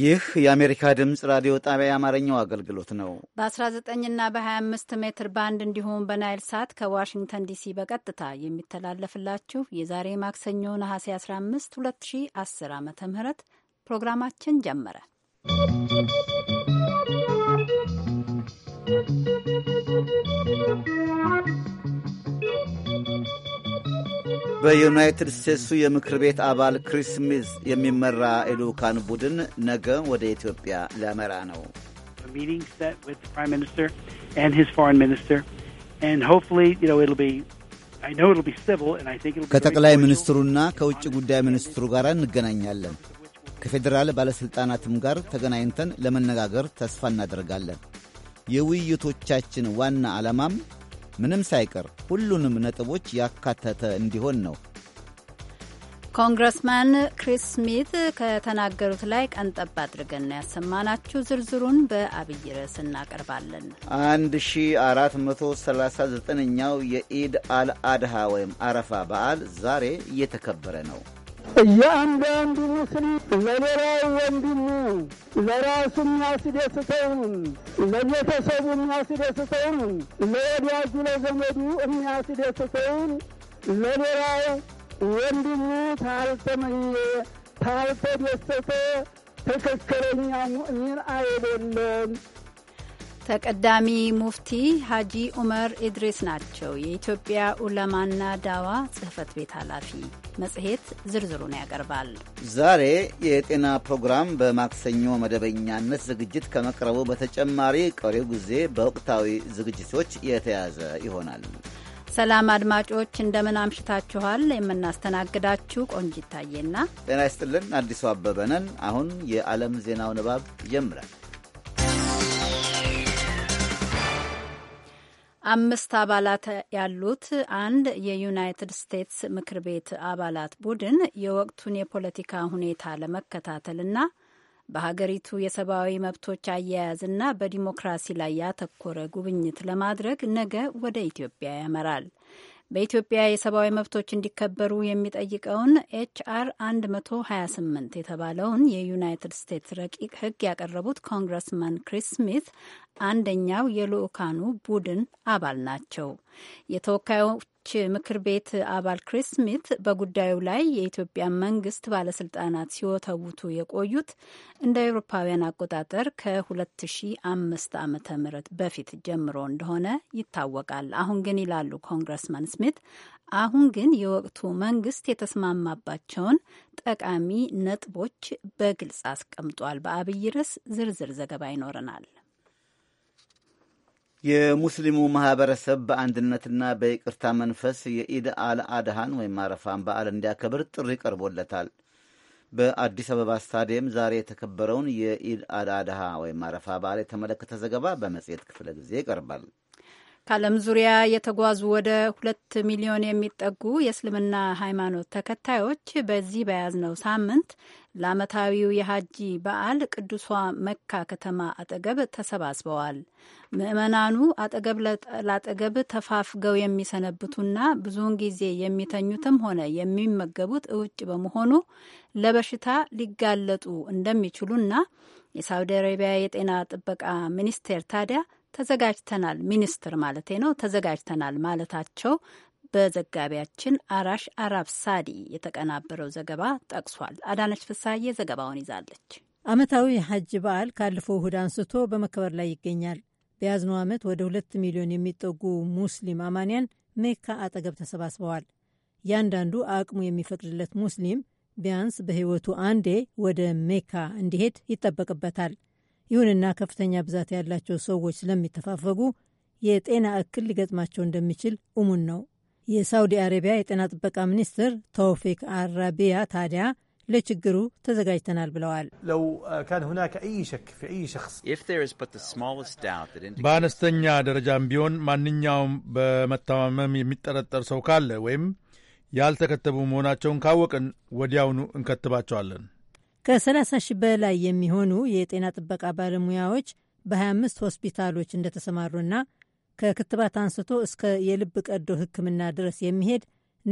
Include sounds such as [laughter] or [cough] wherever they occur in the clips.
ይህ የአሜሪካ ድምፅ ራዲዮ ጣቢያ የአማርኛው አገልግሎት ነው። በ19ና በ25 ሜትር ባንድ እንዲሁም በናይል ሳት ከዋሽንግተን ዲሲ በቀጥታ የሚተላለፍላችሁ የዛሬ ማክሰኞ ነሐሴ 15 2010 ዓ ም ፕሮግራማችን ጀመረ። በዩናይትድ ስቴትሱ የምክር ቤት አባል ክሪስ ሚዝ የሚመራ የልዑካን ቡድን ነገ ወደ ኢትዮጵያ ሊያመራ ነው። ከጠቅላይ ሚኒስትሩና ከውጭ ጉዳይ ሚኒስትሩ ጋር እንገናኛለን። ከፌዴራል ባለሥልጣናትም ጋር ተገናኝተን ለመነጋገር ተስፋ እናደርጋለን። የውይይቶቻችን ዋና ዓላማም ምንም ሳይቀር ሁሉንም ነጥቦች ያካተተ እንዲሆን ነው ኮንግረስማን ክሪስ ስሚት ከተናገሩት ላይ ቀንጠብ አድርገን ያሰማናችሁ። ዝርዝሩን በአብይ ርዕስ እናቀርባለን። 1439ኛው የኢድ አልአድሃ ወይም አረፋ በዓል ዛሬ እየተከበረ ነው። እያንዳንዱ ሙስሊም ለሌላው ወንድሙ ለራሱ የሚያስደስተውን ለቤተሰቡ የሚያስደስተውን ለወዳጁ ለዘመዱ የሚያስደስተውን ለሌላው ወንድሙ ታልተመኘ ታልተደሰተ ትክክለኛ ሙእሚን አይደለም። ተቀዳሚ ሙፍቲ ሀጂ ዑመር ኢድሪስ ናቸው። የኢትዮጵያ ዑለማና ዳዋ ጽህፈት ቤት ኃላፊ። መጽሔት ዝርዝሩን ያቀርባል። ዛሬ የጤና ፕሮግራም በማክሰኞ መደበኛነት ዝግጅት ከመቅረቡ በተጨማሪ ቀሪው ጊዜ በወቅታዊ ዝግጅቶች የተያዘ ይሆናል። ሰላም አድማጮች፣ እንደምን አምሽታችኋል? የምናስተናግዳችሁ ቆንጂት ታዬና ጤና ይስጥልን አዲሱ አበበ ነን። አሁን የዓለም ዜናው ንባብ ይጀምራል። አምስት አባላት ያሉት አንድ የዩናይትድ ስቴትስ ምክር ቤት አባላት ቡድን የወቅቱን የፖለቲካ ሁኔታ ለመከታተልና በሀገሪቱ የሰብአዊ መብቶች አያያዝና በዲሞክራሲ ላይ ያተኮረ ጉብኝት ለማድረግ ነገ ወደ ኢትዮጵያ ያመራል። በኢትዮጵያ የሰብአዊ መብቶች እንዲከበሩ የሚጠይቀውን ኤችአር 128 የተባለውን የዩናይትድ ስቴትስ ረቂቅ ሕግ ያቀረቡት ኮንግረስማን ክሪስ ስሚት አንደኛው የልኡካኑ ቡድን አባል ናቸው። የተወካዮች ምክር ቤት አባል ክሪስ ስሚት በጉዳዩ ላይ የኢትዮጵያ መንግስት ባለስልጣናት ሲወተውቱ የቆዩት እንደ አውሮፓውያን አቆጣጠር ከ2005 ዓ ም በፊት ጀምሮ እንደሆነ ይታወቃል። አሁን ግን ይላሉ ኮንግረስማን ስሚት አሁን ግን የወቅቱ መንግስት የተስማማባቸውን ጠቃሚ ነጥቦች በግልጽ አስቀምጧል። በአብይ ርዕስ ዝርዝር ዘገባ ይኖረናል። የሙስሊሙ ማህበረሰብ በአንድነትና በይቅርታ መንፈስ የኢድ አል አድሃን ወይም አረፋን በዓል እንዲያከብር ጥሪ ቀርቦለታል። በአዲስ አበባ ስታዲየም ዛሬ የተከበረውን የኢድ አል አድሃ ወይም አረፋ በዓል የተመለከተ ዘገባ በመጽሔት ክፍለ ጊዜ ይቀርባል። ከዓለም ዙሪያ የተጓዙ ወደ ሁለት ሚሊዮን የሚጠጉ የእስልምና ሃይማኖት ተከታዮች በዚህ በያዝነው ሳምንት ለዓመታዊው የሀጂ በዓል ቅዱሷ መካ ከተማ አጠገብ ተሰባስበዋል። ምዕመናኑ አጠገብ ላጠገብ ተፋፍገው የሚሰነብቱና ብዙውን ጊዜ የሚተኙትም ሆነ የሚመገቡት እውጭ በመሆኑ ለበሽታ ሊጋለጡ እንደሚችሉና የሳውዲ አረቢያ የጤና ጥበቃ ሚኒስቴር ታዲያ ተዘጋጅተናል ሚኒስትር ማለቴ ነው ተዘጋጅተናል ማለታቸው በዘጋቢያችን አራሽ አራብ ሳዲ የተቀናበረው ዘገባ ጠቅሷል። አዳነች ፍሳዬ ዘገባውን ይዛለች። ዓመታዊ የሐጅ በዓል ካለፈው እሁድ አንስቶ በመከበር ላይ ይገኛል። በያዝነው ዓመት ወደ ሁለት ሚሊዮን የሚጠጉ ሙስሊም አማንያን ሜካ አጠገብ ተሰባስበዋል። እያንዳንዱ አቅሙ የሚፈቅድለት ሙስሊም ቢያንስ በሕይወቱ አንዴ ወደ ሜካ እንዲሄድ ይጠበቅበታል። ይሁንና ከፍተኛ ብዛት ያላቸው ሰዎች ስለሚተፋፈጉ የጤና እክል ሊገጥማቸው እንደሚችል እሙን ነው። የሳውዲ አረቢያ የጤና ጥበቃ ሚኒስትር ተውፊክ አራቢያ ታዲያ ለችግሩ ተዘጋጅተናል ብለዋል። በአነስተኛ ደረጃም ቢሆን ማንኛውም በመተማመም የሚጠረጠር ሰው ካለ ወይም ያልተከተቡ መሆናቸውን ካወቅን ወዲያውኑ እንከትባቸዋለን። ከ30 ሺህ በላይ የሚሆኑ የጤና ጥበቃ ባለሙያዎች በ25 ሆስፒታሎች እንደተሰማሩና ከክትባት አንስቶ እስከ የልብ ቀዶ ሕክምና ድረስ የሚሄድ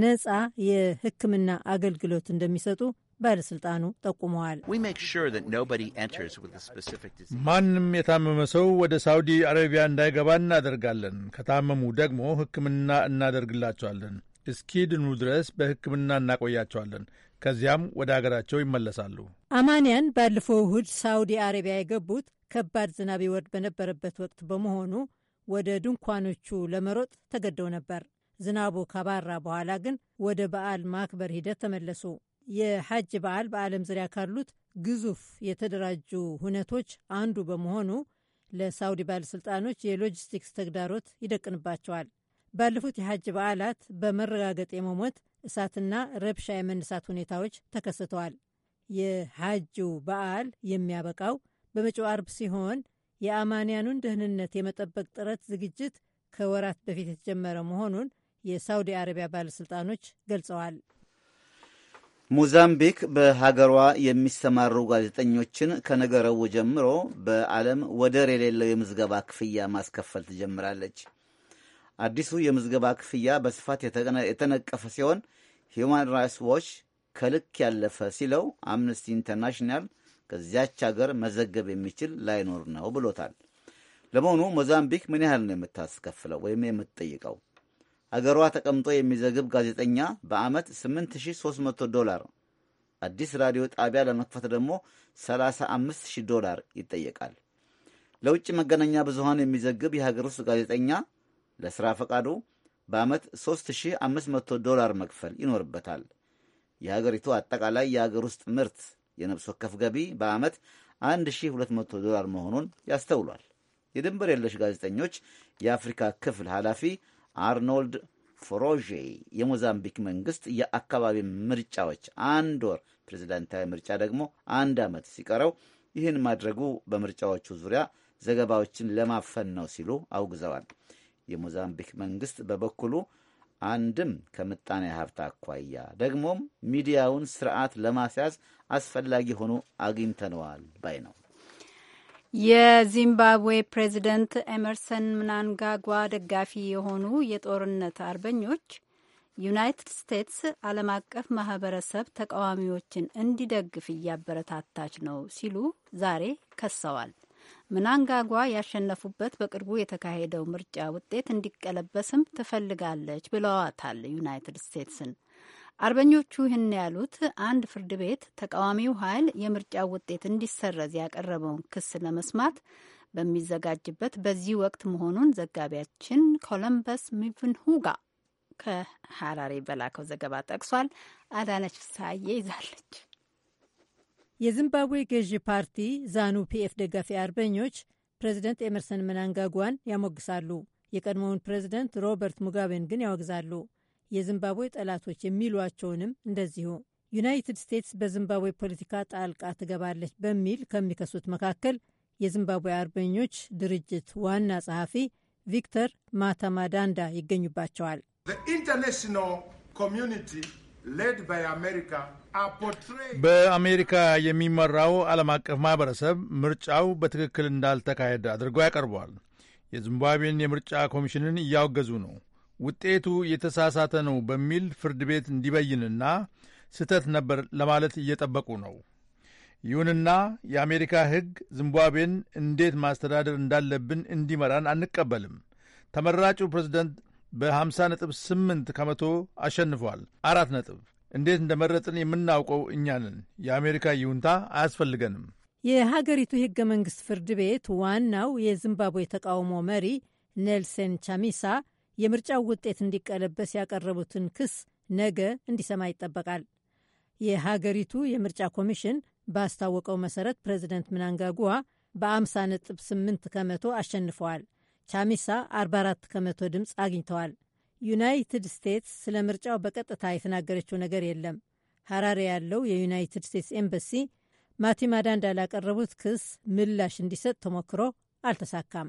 ነጻ የሕክምና አገልግሎት እንደሚሰጡ ባለሥልጣኑ ጠቁመዋል። ማንም የታመመ ሰው ወደ ሳውዲ አረቢያ እንዳይገባ እናደርጋለን። ከታመሙ ደግሞ ሕክምና እናደርግላቸዋለን። እስኪድኑ ድረስ በሕክምና እናቆያቸዋለን። ከዚያም ወደ አገራቸው ይመለሳሉ። አማንያን ባለፈው እሁድ ሳውዲ አረቢያ የገቡት ከባድ ዝናብ ይወርድ በነበረበት ወቅት በመሆኑ ወደ ድንኳኖቹ ለመሮጥ ተገደው ነበር። ዝናቡ ከባራ በኋላ ግን ወደ በዓል ማክበር ሂደት ተመለሱ። የሐጅ በዓል በዓለም ዙሪያ ካሉት ግዙፍ የተደራጁ ሁነቶች አንዱ በመሆኑ ለሳውዲ ባለሥልጣኖች የሎጂስቲክስ ተግዳሮት ይደቅንባቸዋል። ባለፉት የሐጅ በዓላት በመረጋገጥ የመሞት እሳትና ረብሻ የመነሳት ሁኔታዎች ተከስተዋል። የሐጁ በዓል የሚያበቃው በመጪው አርብ ሲሆን የአማንያኑን ደህንነት የመጠበቅ ጥረት ዝግጅት ከወራት በፊት የተጀመረ መሆኑን የሳውዲ አረቢያ ባለሥልጣኖች ገልጸዋል። ሞዛምቢክ በሀገሯ የሚሰማሩ ጋዜጠኞችን ከነገረቡ ጀምሮ በዓለም ወደር የሌለው የምዝገባ ክፍያ ማስከፈል ትጀምራለች። አዲሱ የምዝገባ ክፍያ በስፋት የተነቀፈ ሲሆን ሂውማን ራይትስ ዎች ከልክ ያለፈ ሲለው አምነስቲ ኢንተርናሽናል ከዚያች ሀገር መዘገብ የሚችል ላይኖር ነው ብሎታል። ለመሆኑ ሞዛምቢክ ምን ያህል ነው የምታስከፍለው ወይም የምትጠይቀው? አገሯ ተቀምጦ የሚዘግብ ጋዜጠኛ በዓመት 8300 ዶላር፣ አዲስ ራዲዮ ጣቢያ ለመክፈት ደግሞ 35000 ዶላር ይጠየቃል። ለውጭ መገናኛ ብዙሃን የሚዘግብ የሀገር ውስጥ ጋዜጠኛ ለሥራ ፈቃዱ በዓመት 3500 ዶላር መክፈል ይኖርበታል። የሀገሪቱ አጠቃላይ የአገር ውስጥ ምርት የነፍስ ወከፍ ገቢ በዓመት 1200 ዶላር መሆኑን ያስተውሏል። የድንበር የለሽ ጋዜጠኞች የአፍሪካ ክፍል ኃላፊ አርኖልድ ፎሮዤ የሞዛምቢክ መንግስት የአካባቢ ምርጫዎች አንድ ወር፣ ፕሬዚዳንታዊ ምርጫ ደግሞ አንድ ዓመት ሲቀረው ይህን ማድረጉ በምርጫዎቹ ዙሪያ ዘገባዎችን ለማፈን ነው ሲሉ አውግዘዋል። የሞዛምቢክ መንግስት በበኩሉ አንድም ከምጣኔ ሀብት አኳያ ደግሞም ሚዲያውን ስርዓት ለማስያዝ አስፈላጊ ሆኖ አግኝተነዋል ባይ ነው። የዚምባብዌ ፕሬዚደንት ኤመርሰን ምናንጋጓ ደጋፊ የሆኑ የጦርነት አርበኞች ዩናይትድ ስቴትስ ዓለም አቀፍ ማህበረሰብ ተቃዋሚዎችን እንዲደግፍ እያበረታታች ነው ሲሉ ዛሬ ከሰዋል። ምናንጋጓ ያሸነፉበት በቅርቡ የተካሄደው ምርጫ ውጤት እንዲቀለበስም ትፈልጋለች ብለዋታል ዩናይትድ ስቴትስን። አርበኞቹ ይህን ያሉት አንድ ፍርድ ቤት ተቃዋሚው ኃይል የምርጫው ውጤት እንዲሰረዝ ያቀረበውን ክስ ለመስማት በሚዘጋጅበት በዚህ ወቅት መሆኑን ዘጋቢያችን ኮለምበስ ሚቭንሁጋ ከሀራሬ በላከው ዘገባ ጠቅሷል። አዳነች ፍሳዬ ይዛለች። የዚምባብዌ ገዢ ፓርቲ ዛኑ ፒኤፍ ደጋፊ አርበኞች ፕሬዚደንት ኤመርሰን ምናንጋጓን ያሞግሳሉ። የቀድሞውን ፕሬዚደንት ሮበርት ሙጋቤን ግን ያወግዛሉ። የዚምባብዌ ጠላቶች የሚሏቸውንም እንደዚሁ። ዩናይትድ ስቴትስ በዚምባብዌ ፖለቲካ ጣልቃ ትገባለች በሚል ከሚከሱት መካከል የዚምባብዌ አርበኞች ድርጅት ዋና ጸሐፊ ቪክተር ማታማዳንዳ ይገኙባቸዋል። ኢንተርናሽናል ኮሚዩኒቲ በአሜሪካ የሚመራው ዓለም አቀፍ ማኅበረሰብ ምርጫው በትክክል እንዳልተካሄደ አድርጎ ያቀርበዋል። የዚምባብዌን የምርጫ ኮሚሽንን እያወገዙ ነው። ውጤቱ የተሳሳተ ነው በሚል ፍርድ ቤት እንዲበይንና ስህተት ነበር ለማለት እየጠበቁ ነው። ይሁንና የአሜሪካ ሕግ ዚምባብዌን እንዴት ማስተዳደር እንዳለብን እንዲመራን አንቀበልም። ተመራጩ ፕሬዝደንት በ50 ነጥብ 8 ከመቶ አሸንፏል። አራት ነጥብ። እንዴት እንደመረጥን የምናውቀው እኛንን የአሜሪካ ይሁንታ አያስፈልገንም። የሀገሪቱ የሕገ መንግሥት ፍርድ ቤት ዋናው የዚምባብዌ ተቃውሞ መሪ ኔልሰን ቻሚሳ የምርጫው ውጤት እንዲቀለበስ ያቀረቡትን ክስ ነገ እንዲሰማ ይጠበቃል። የሀገሪቱ የምርጫ ኮሚሽን ባስታወቀው መሰረት ፕሬዚደንት ምናንጋጉዋ በ50 8 ከመቶ አሸንፈዋል። ቻሚሳ 44 ከመቶ ድምፅ አግኝተዋል። ዩናይትድ ስቴትስ ስለ ምርጫው በቀጥታ የተናገረችው ነገር የለም። ሐራሬ ያለው የዩናይትድ ስቴትስ ኤምበሲ ማቲማዳ እንዳላቀረቡት ክስ ምላሽ እንዲሰጥ ተሞክሮ አልተሳካም።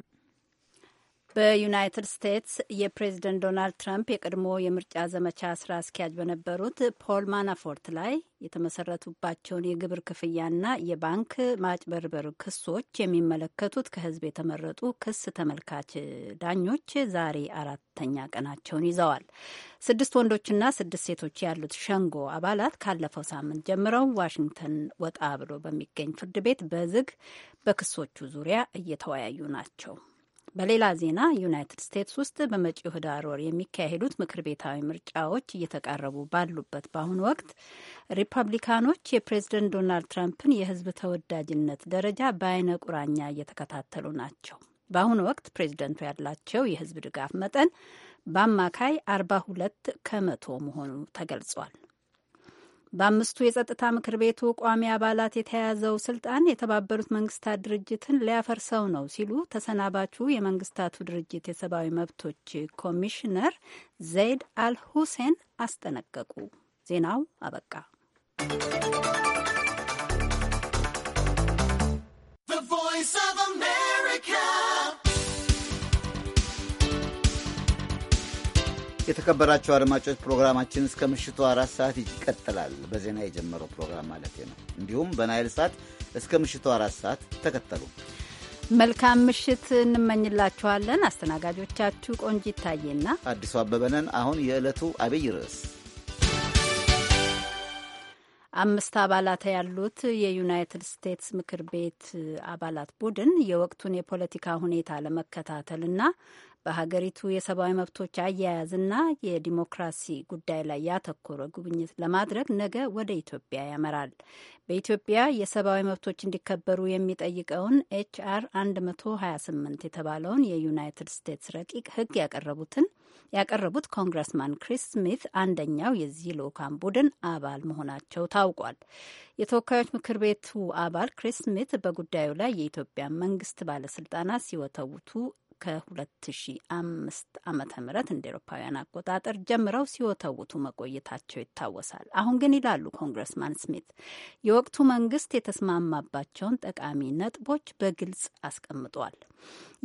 በዩናይትድ ስቴትስ የፕሬዝደንት ዶናልድ ትራምፕ የቀድሞ የምርጫ ዘመቻ ስራ አስኪያጅ በነበሩት ፖል ማናፎርት ላይ የተመሰረቱባቸውን የግብር ክፍያና የባንክ ማጭበርበር ክሶች የሚመለከቱት ከህዝብ የተመረጡ ክስ ተመልካች ዳኞች ዛሬ አራተኛ ቀናቸውን ይዘዋል። ስድስት ወንዶችና ስድስት ሴቶች ያሉት ሸንጎ አባላት ካለፈው ሳምንት ጀምረው ዋሽንግተን ወጣ ብሎ በሚገኝ ፍርድ ቤት በዝግ በክሶቹ ዙሪያ እየተወያዩ ናቸው። በሌላ ዜና ዩናይትድ ስቴትስ ውስጥ በመጪው ህዳር ወር የሚካሄዱት ምክር ቤታዊ ምርጫዎች እየተቃረቡ ባሉበት በአሁኑ ወቅት ሪፐብሊካኖች የፕሬዝደንት ዶናልድ ትራምፕን የህዝብ ተወዳጅነት ደረጃ በአይነ ቁራኛ እየተከታተሉ ናቸው። በአሁኑ ወቅት ፕሬዝደንቱ ያላቸው የህዝብ ድጋፍ መጠን በአማካይ 42 ከመቶ መሆኑ ተገልጿል። በአምስቱ የጸጥታ ምክር ቤቱ ቋሚ አባላት የተያዘው ስልጣን የተባበሩት መንግስታት ድርጅትን ሊያፈርሰው ነው ሲሉ ተሰናባቹ የመንግስታቱ ድርጅት የሰብአዊ መብቶች ኮሚሽነር ዘይድ አል ሁሴን አስጠነቀቁ። ዜናው አበቃ። ቮይስ ኦፍ የተከበራቸው አድማጮች ፕሮግራማችን እስከ ምሽቱ አራት ሰዓት ይቀጥላል። በዜና የጀመረው ፕሮግራም ማለት ነው። እንዲሁም በናይል ሳት እስከ ምሽቱ አራት ሰዓት ተከተሉ። መልካም ምሽት እንመኝላችኋለን። አስተናጋጆቻችሁ ቆንጂት ታዬና አዲሱ አበበ ነን። አሁን የዕለቱ አብይ ርዕስ አምስት አባላት ያሉት የዩናይትድ ስቴትስ ምክር ቤት አባላት ቡድን የወቅቱን የፖለቲካ ሁኔታ ለመከታተልና በሀገሪቱ የሰብአዊ መብቶች አያያዝና የዲሞክራሲ ጉዳይ ላይ ያተኮረ ጉብኝት ለማድረግ ነገ ወደ ኢትዮጵያ ያመራል። በኢትዮጵያ የሰብአዊ መብቶች እንዲከበሩ የሚጠይቀውን ኤችአር 128 የተባለውን የዩናይትድ ስቴትስ ረቂቅ ሕግ ያቀረቡትን ያቀረቡት ኮንግረስማን ክሪስ ስሚት አንደኛው የዚህ ልኡካን ቡድን አባል መሆናቸው ታውቋል። የተወካዮች ምክር ቤቱ አባል ክሪስ ስሚት በጉዳዩ ላይ የኢትዮጵያ መንግስት ባለስልጣናት ሲወተውቱ ከ2005 ዓመተ ምህረት እንደ ኤሮፓውያን አቆጣጠር ጀምረው ሲወተውቱ መቆየታቸው ይታወሳል። አሁን ግን ይላሉ ኮንግረስማን ስሚት የወቅቱ መንግስት የተስማማባቸውን ጠቃሚ ነጥቦች በግልጽ አስቀምጧል።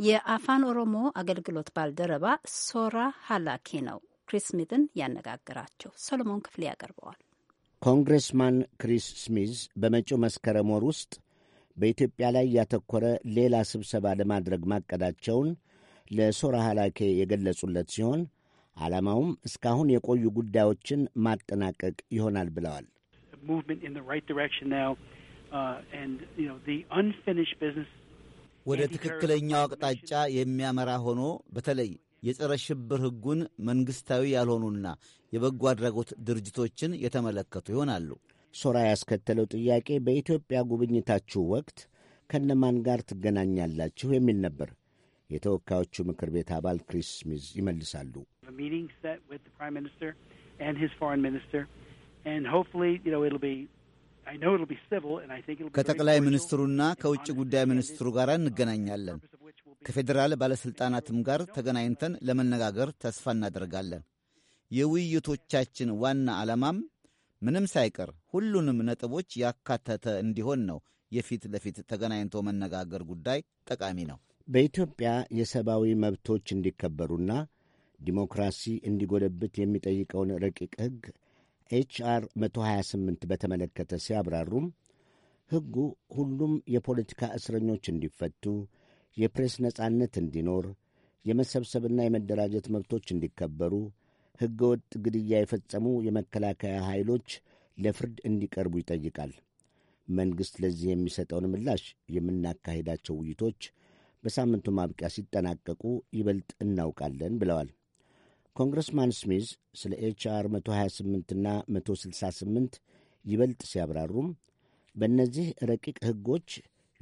የአፋን ኦሮሞ አገልግሎት ባልደረባ ሶራ ሀላኬ ነው ክሪስ ስሚትን ያነጋግራቸው። ሰሎሞን ክፍሌ ያቀርበዋል። ኮንግረስማን ክሪስ ስሚዝ በመጪው መስከረም ወር ውስጥ በኢትዮጵያ ላይ ያተኮረ ሌላ ስብሰባ ለማድረግ ማቀዳቸውን ለሶራ ሃላኬ የገለጹለት ሲሆን ዓላማውም እስካሁን የቆዩ ጉዳዮችን ማጠናቀቅ ይሆናል ብለዋል። uh, ወደ ትክክለኛው አቅጣጫ የሚያመራ ሆኖ በተለይ የጸረ ሽብር ሕጉን መንግሥታዊ ያልሆኑና የበጎ አድራጎት ድርጅቶችን የተመለከቱ ይሆናሉ። ሶራ ያስከተለው ጥያቄ በኢትዮጵያ ጉብኝታችሁ ወቅት ከነማን ጋር ትገናኛላችሁ የሚል ነበር። የተወካዮቹ ምክር ቤት አባል ክሪስ ስሚዝ ይመልሳሉ። ከጠቅላይ ሚኒስትሩና ከውጭ ጉዳይ ሚኒስትሩ ጋር እንገናኛለን። ከፌዴራል ባለሥልጣናትም ጋር ተገናኝተን ለመነጋገር ተስፋ እናደርጋለን። የውይይቶቻችን ዋና ዓላማም ምንም ሳይቀር ሁሉንም ነጥቦች ያካተተ እንዲሆን ነው የፊት ለፊት ተገናኝቶ መነጋገር ጉዳይ ጠቃሚ ነው። በኢትዮጵያ የሰብአዊ መብቶች እንዲከበሩና ዲሞክራሲ እንዲጎለብት የሚጠይቀውን ረቂቅ ሕግ ኤችአር 128 በተመለከተ ሲያብራሩም ሕጉ ሁሉም የፖለቲካ እስረኞች እንዲፈቱ፣ የፕሬስ ነጻነት እንዲኖር፣ የመሰብሰብና የመደራጀት መብቶች እንዲከበሩ ህገወጥ ግድያ የፈጸሙ የመከላከያ ኃይሎች ለፍርድ እንዲቀርቡ ይጠይቃል። መንግሥት ለዚህ የሚሰጠውን ምላሽ የምናካሄዳቸው ውይይቶች በሳምንቱ ማብቂያ ሲጠናቀቁ ይበልጥ እናውቃለን ብለዋል። ኮንግረስማን ስሚዝ ስለ አር 128ና 168 ይበልጥ ሲያብራሩም በእነዚህ ረቂቅ ሕጎች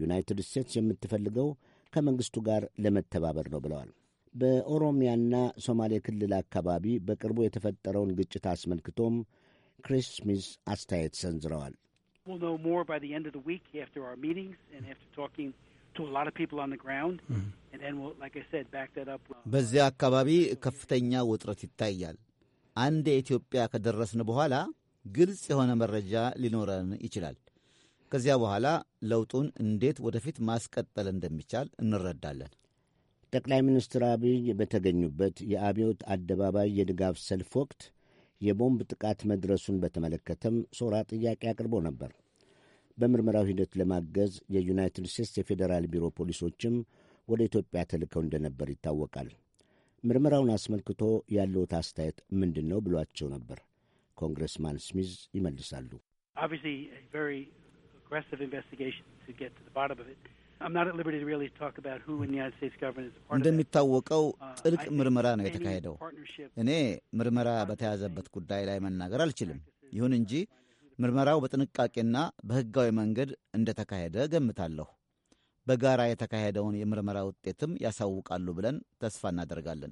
ዩናይትድ ስቴትስ የምትፈልገው ከመንግሥቱ ጋር ለመተባበር ነው ብለዋል። በኦሮሚያና ሶማሌ ክልል አካባቢ በቅርቡ የተፈጠረውን ግጭት አስመልክቶም ክሪስ ስሚዝ አስተያየት ሰንዝረዋል። mm-hmm. በዚያ አካባቢ ከፍተኛ ውጥረት ይታያል። አንድ የኢትዮጵያ ከደረስን በኋላ ግልጽ የሆነ መረጃ ሊኖረን ይችላል። ከዚያ በኋላ ለውጡን እንዴት ወደፊት ማስቀጠል እንደሚቻል እንረዳለን። ጠቅላይ ሚኒስትር አብይ በተገኙበት የአብዮት አደባባይ የድጋፍ ሰልፍ ወቅት የቦምብ ጥቃት መድረሱን በተመለከተም ሶራ ጥያቄ አቅርቦ ነበር። በምርመራው ሂደት ለማገዝ የዩናይትድ ስቴትስ የፌዴራል ቢሮ ፖሊሶችም ወደ ኢትዮጵያ ተልከው እንደነበር ይታወቃል። ምርመራውን አስመልክቶ ያለውት አስተያየት ምንድን ነው ብሏቸው ነበር። ኮንግረስማን ስሚዝ ይመልሳሉ። እንደሚታወቀው uh, ጥልቅ ምርመራ ነው የተካሄደው። እኔ ምርመራ በተያዘበት ጉዳይ ላይ መናገር አልችልም። ይሁን እንጂ ምርመራው በጥንቃቄና በሕጋዊ መንገድ እንደተካሄደ ገምታለሁ። በጋራ የተካሄደውን የምርመራ ውጤትም ያሳውቃሉ ብለን ተስፋ እናደርጋለን።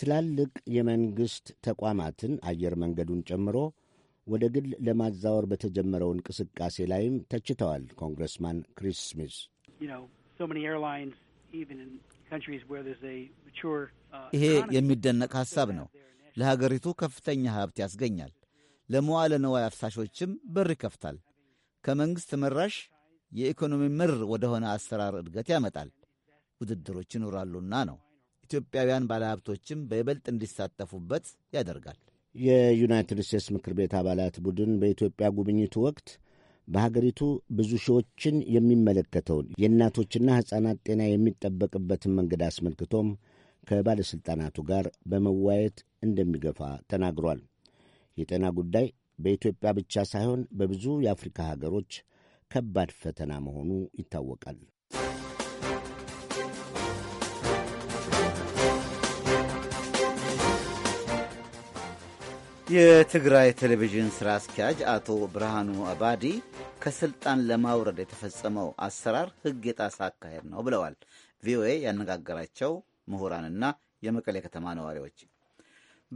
ትላልቅ የመንግሥት ተቋማትን አየር መንገዱን ጨምሮ ወደ ግል ለማዛወር በተጀመረው እንቅስቃሴ ላይም ተችተዋል ኮንግረስማን ክሪስ ስሚዝ Uh, ይሄ የሚደነቅ ሐሳብ ነው። ለሀገሪቱ ከፍተኛ ሀብት ያስገኛል። ለመዋለ ነዋይ አፍሳሾችም በር ይከፍታል። ከመንግሥት መራሽ የኢኮኖሚ ምር ወደሆነ አሰራር እድገት ያመጣል። ውድድሮች ይኖራሉና ነው። ኢትዮጵያውያን ባለሀብቶችም በይበልጥ እንዲሳተፉበት ያደርጋል። የዩናይትድ ስቴትስ ምክር ቤት አባላት ቡድን በኢትዮጵያ ጉብኝቱ ወቅት በሀገሪቱ ብዙ ሺዎችን የሚመለከተውን የእናቶችና ሕፃናት ጤና የሚጠበቅበትን መንገድ አስመልክቶም ከባለሥልጣናቱ ጋር በመዋየት እንደሚገፋ ተናግሯል። የጤና ጉዳይ በኢትዮጵያ ብቻ ሳይሆን በብዙ የአፍሪካ ሀገሮች ከባድ ፈተና መሆኑ ይታወቃል። የትግራይ ቴሌቪዥን ስራ አስኪያጅ አቶ ብርሃኑ አባዲ ከስልጣን ለማውረድ የተፈጸመው አሰራር ሕግ የጣሳ አካሄድ ነው ብለዋል። ቪኦኤ ያነጋገራቸው ምሁራንና የመቀሌ ከተማ ነዋሪዎች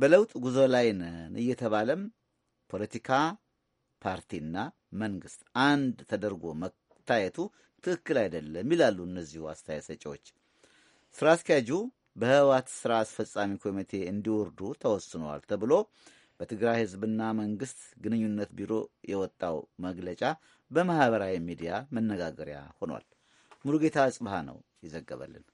በለውጥ ጉዞ ላይ ነን እየተባለም ፖለቲካ ፓርቲና መንግስት አንድ ተደርጎ መታየቱ ትክክል አይደለም ይላሉ እነዚሁ አስተያየት ሰጪዎች። ስራ አስኪያጁ በህወሓት ስራ አስፈጻሚ ኮሚቴ እንዲወርዱ ተወስነዋል ተብሎ በትግራይ ህዝብና መንግስት ግንኙነት ቢሮ የወጣው መግለጫ በማህበራዊ ሚዲያ መነጋገሪያ ሆኗል። ሙሉጌታ ጽብሃ ነው ይዘገበልን።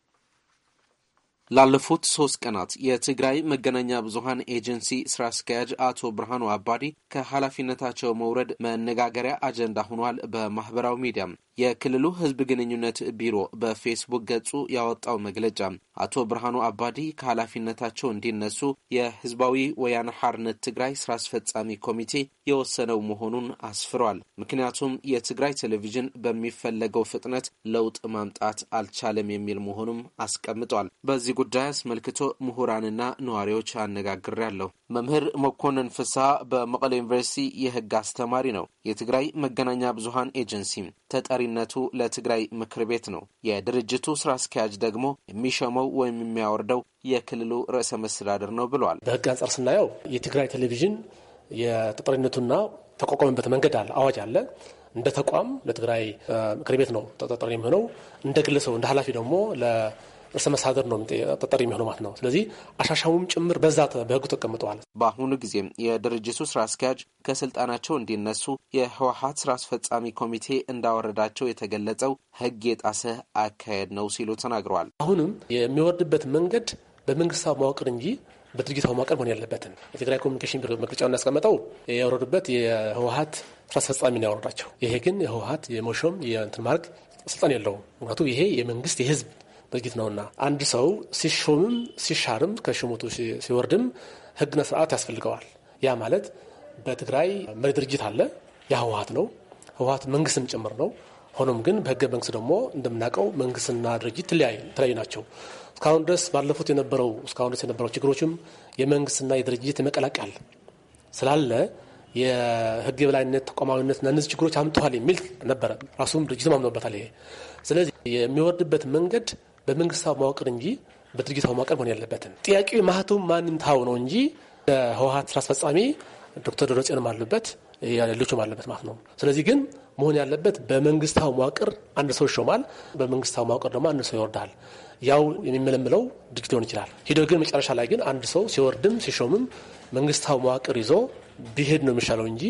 ላለፉት ሶስት ቀናት የትግራይ መገናኛ ብዙሀን ኤጀንሲ ስራ አስኪያጅ አቶ ብርሃኑ አባዲ ከኃላፊነታቸው መውረድ መነጋገሪያ አጀንዳ ሆኗል። በማህበራዊ ሚዲያም የክልሉ ህዝብ ግንኙነት ቢሮ በፌስቡክ ገጹ ያወጣው መግለጫ አቶ ብርሃኑ አባዲ ከኃላፊነታቸው እንዲነሱ የህዝባዊ ወያነ ሐርነት ትግራይ ስራ አስፈጻሚ ኮሚቴ የወሰነው መሆኑን አስፍሯል። ምክንያቱም የትግራይ ቴሌቪዥን በሚፈለገው ፍጥነት ለውጥ ማምጣት አልቻለም የሚል መሆኑም አስቀምጧል። በዚህ ጉዳይ አስመልክቶ ምሁራንና ነዋሪዎች አነጋግሬያለሁ። መምህር መኮንን ፍስሐ በመቀሌ ዩኒቨርሲቲ የህግ አስተማሪ ነው። የትግራይ መገናኛ ብዙሀን ኤጀንሲ ተጠሪ ተጠሪነቱ ለትግራይ ምክር ቤት ነው። የድርጅቱ ስራ አስኪያጅ ደግሞ የሚሸመው ወይም የሚያወርደው የክልሉ ርዕሰ መስተዳድር ነው ብለዋል። በህግ አንጻር ስናየው የትግራይ ቴሌቪዥን የተጠሪነቱና ተቋቋመበት መንገድ አለ፣ አዋጅ አለ። እንደ ተቋም ለትግራይ ምክር ቤት ነው ተጠሪ የሚሆነው። እንደ ግለሰቡ እንደ ኃላፊ ደግሞ ርዕሰ መስተዳድር ነው ተጠሪ የሚሆነው ማለት ነው። ስለዚህ አሻሻሙም ጭምር በዛ በህጉ ተቀምጠዋል። በአሁኑ ጊዜም የድርጅቱ ስራ አስኪያጅ ከስልጣናቸው እንዲነሱ የህወሀት ስራ አስፈጻሚ ኮሚቴ እንዳወረዳቸው የተገለጸው ህግ የጣሰ አካሄድ ነው ሲሉ ተናግረዋል። አሁንም የሚወርድበት መንገድ በመንግስታዊ መዋቅር እንጂ በድርጅታዊ መዋቅር መሆን ያለበትም የትግራይ ኮሚኒኬሽን ቢሮ መግለጫው እንዳስቀመጠው የወረዱበት የህወሀት ስራ አስፈጻሚ ነው ያወረዳቸው። ይሄ ግን የህወሀት የመሾም የእንትን ማድረግ ስልጣን የለውም። ምክንያቱም ይሄ የመንግስት የህዝብ በጊት ነውና አንድ ሰው ሲሾምም ሲሻርም ከሽሞቱ ሲወርድም ህግና ስርዓት ያስፈልገዋል። ያ ማለት በትግራይ መሪ ድርጅት አለ። ያ ህወሀት ነው። ህወሀት መንግስትም ጭምር ነው። ሆኖም ግን በህገ መንግስት ደግሞ እንደምናውቀው መንግስትና ድርጅት ተለያዩ ናቸው። እስካሁን ድረስ ባለፉት የነበረው እስካሁን ድረስ የነበረው ችግሮችም የመንግስትና የድርጅት የመቀላቀል ስላለ የህግ የበላይነት ተቋማዊነትና እነዚህ ችግሮች አምጥቷል የሚል ነበረ። ራሱም ድርጅትም አምኖበታል። ይሄ ስለዚህ የሚወርድበት መንገድ በመንግስታዊ መዋቅር እንጂ በድርጅታዊ መዋቅር መሆን ያለበትም። ጥያቄው የማህተም ማንም ታው ነው እንጂ ለህወሀት ስራ አስፈጻሚ ዶክተር ደብረጽዮንም አሉበት ሌሎችም አለበት ማለት ነው። ስለዚህ ግን መሆን ያለበት በመንግስታዊ መዋቅር አንድ ሰው ይሾማል፣ በመንግስታዊ መዋቅር ደግሞ አንድ ሰው ይወርዳል። ያው የሚመለምለው ድርጅት ሊሆን ይችላል። ሂዶ ግን መጨረሻ ላይ ግን አንድ ሰው ሲወርድም ሲሾምም መንግስታዊ መዋቅር ይዞ ቢሄድ ነው የሚሻለው እንጂ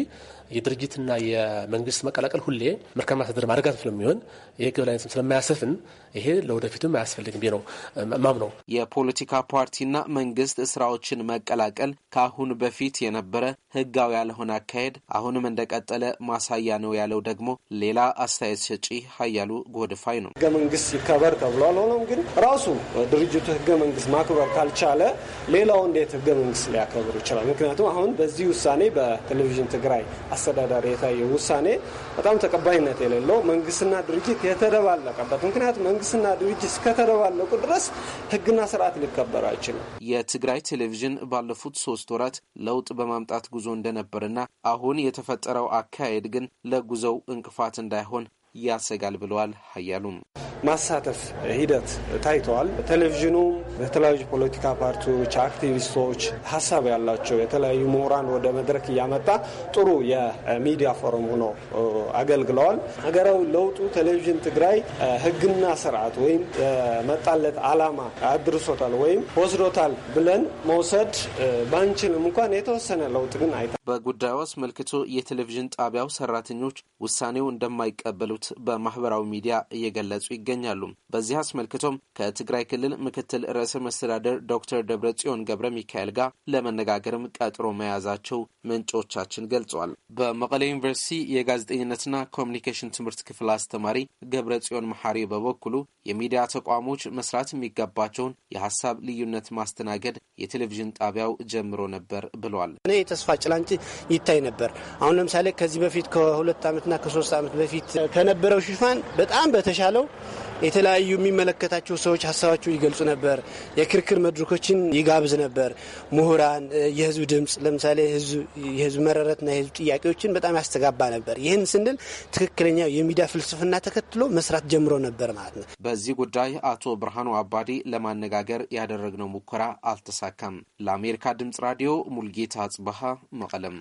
የድርጅትና የመንግስት መቀላቀል ሁሌ መርካማ ስድር ማድረጋት ስለሚሆን ይሄ ገበላይነት ስለማያሰፍን ይሄ ለወደፊቱም አያስፈልግም ነው ማምነው። የፖለቲካ ፓርቲና መንግስት ስራዎችን መቀላቀል ከአሁን በፊት የነበረ ህጋዊ ያልሆነ አካሄድ አሁንም እንደቀጠለ ማሳያ ነው ያለው ደግሞ ሌላ አስተያየት ሰጪ ሀያሉ ጎድፋይ ነው። ህገ መንግስት ይከበር ተብሎ አልሆነም። ግን ራሱ ድርጅቱ ህገ መንግስት ማክበር ካልቻለ ሌላው እንዴት ህገ መንግስት ሊያከብሩ ይችላል? ምክንያቱም አሁን በዚህ ውሳኔ በቴሌቪዥን ትግራይ አስተዳዳሪ የታየው ውሳኔ በጣም ተቀባይነት የሌለው መንግስትና ድርጅት የተደባለቀበት። ምክንያቱም መንግስትና ድርጅት እስከተደባለቁ ድረስ ህግና ስርዓት ሊከበር አይችልም። የትግራይ ቴሌቪዥን ባለፉት ሶስት ወራት ለውጥ በማምጣት ጉዞ እንደነበርና አሁን የተፈጠረው አካሄድ ግን ለጉዞው እንቅፋት እንዳይሆን ያሰጋል ብለዋል። ሀያሉም ማሳተፍ ሂደት ታይተዋል። ቴሌቪዥኑ በተለያዩ ፖለቲካ ፓርቲዎች፣ አክቲቪስቶች፣ ሀሳብ ያላቸው የተለያዩ ምሁራን ወደ መድረክ እያመጣ ጥሩ የሚዲያ ፎረም ሆኖ አገልግለዋል። ሀገራዊ ለውጡ ቴሌቪዥን ትግራይ ህግና ስርዓት ወይም መጣለት አላማ አድርሶታል ወይም ወስዶታል ብለን መውሰድ ባንችልም እንኳን የተወሰነ ለውጥ ግን አይታ በጉዳዩ አስመልክቶ የቴሌቪዥን ጣቢያው ሰራተኞች ውሳኔው እንደማይቀበሉት እንደሚሉት በማህበራዊ ሚዲያ እየገለጹ ይገኛሉ። በዚህ አስመልክቶም ከትግራይ ክልል ምክትል ርዕሰ መስተዳደር ዶክተር ደብረ ጽዮን ገብረ ሚካኤል ጋር ለመነጋገርም ቀጥሮ መያዛቸው ምንጮቻችን ገልጿል። በመቀሌ ዩኒቨርሲቲ የጋዜጠኝነትና ኮሚኒኬሽን ትምህርት ክፍል አስተማሪ ገብረ ጽዮን መሐሪ በበኩሉ የሚዲያ ተቋሞች መስራት የሚገባቸውን የሀሳብ ልዩነት ማስተናገድ የቴሌቪዥን ጣቢያው ጀምሮ ነበር ብሏል። እኔ የተስፋ ጭላንጭ ይታይ ነበር። አሁን ለምሳሌ ከዚህ በፊት ከሁለት ዓመትና ከሶስት ዓመት በፊት ከነ ከነበረው ሽፋን በጣም በተሻለው የተለያዩ የሚመለከታቸው ሰዎች ሀሳባቸው ይገልጹ ነበር። የክርክር መድረኮችን ይጋብዝ ነበር። ምሁራን፣ የህዝብ ድምፅ ለምሳሌ የህዝብ መረረትና የህዝብ ጥያቄዎችን በጣም ያስተጋባ ነበር። ይህን ስንል ትክክለኛው የሚዲያ ፍልስፍና ተከትሎ መስራት ጀምሮ ነበር ማለት ነው። በዚህ ጉዳይ አቶ ብርሃኑ አባዴ ለማነጋገር ያደረግነው ሙከራ አልተሳካም። ለአሜሪካ ድምፅ ራዲዮ ሙልጌታ አጽበሃ መቀለም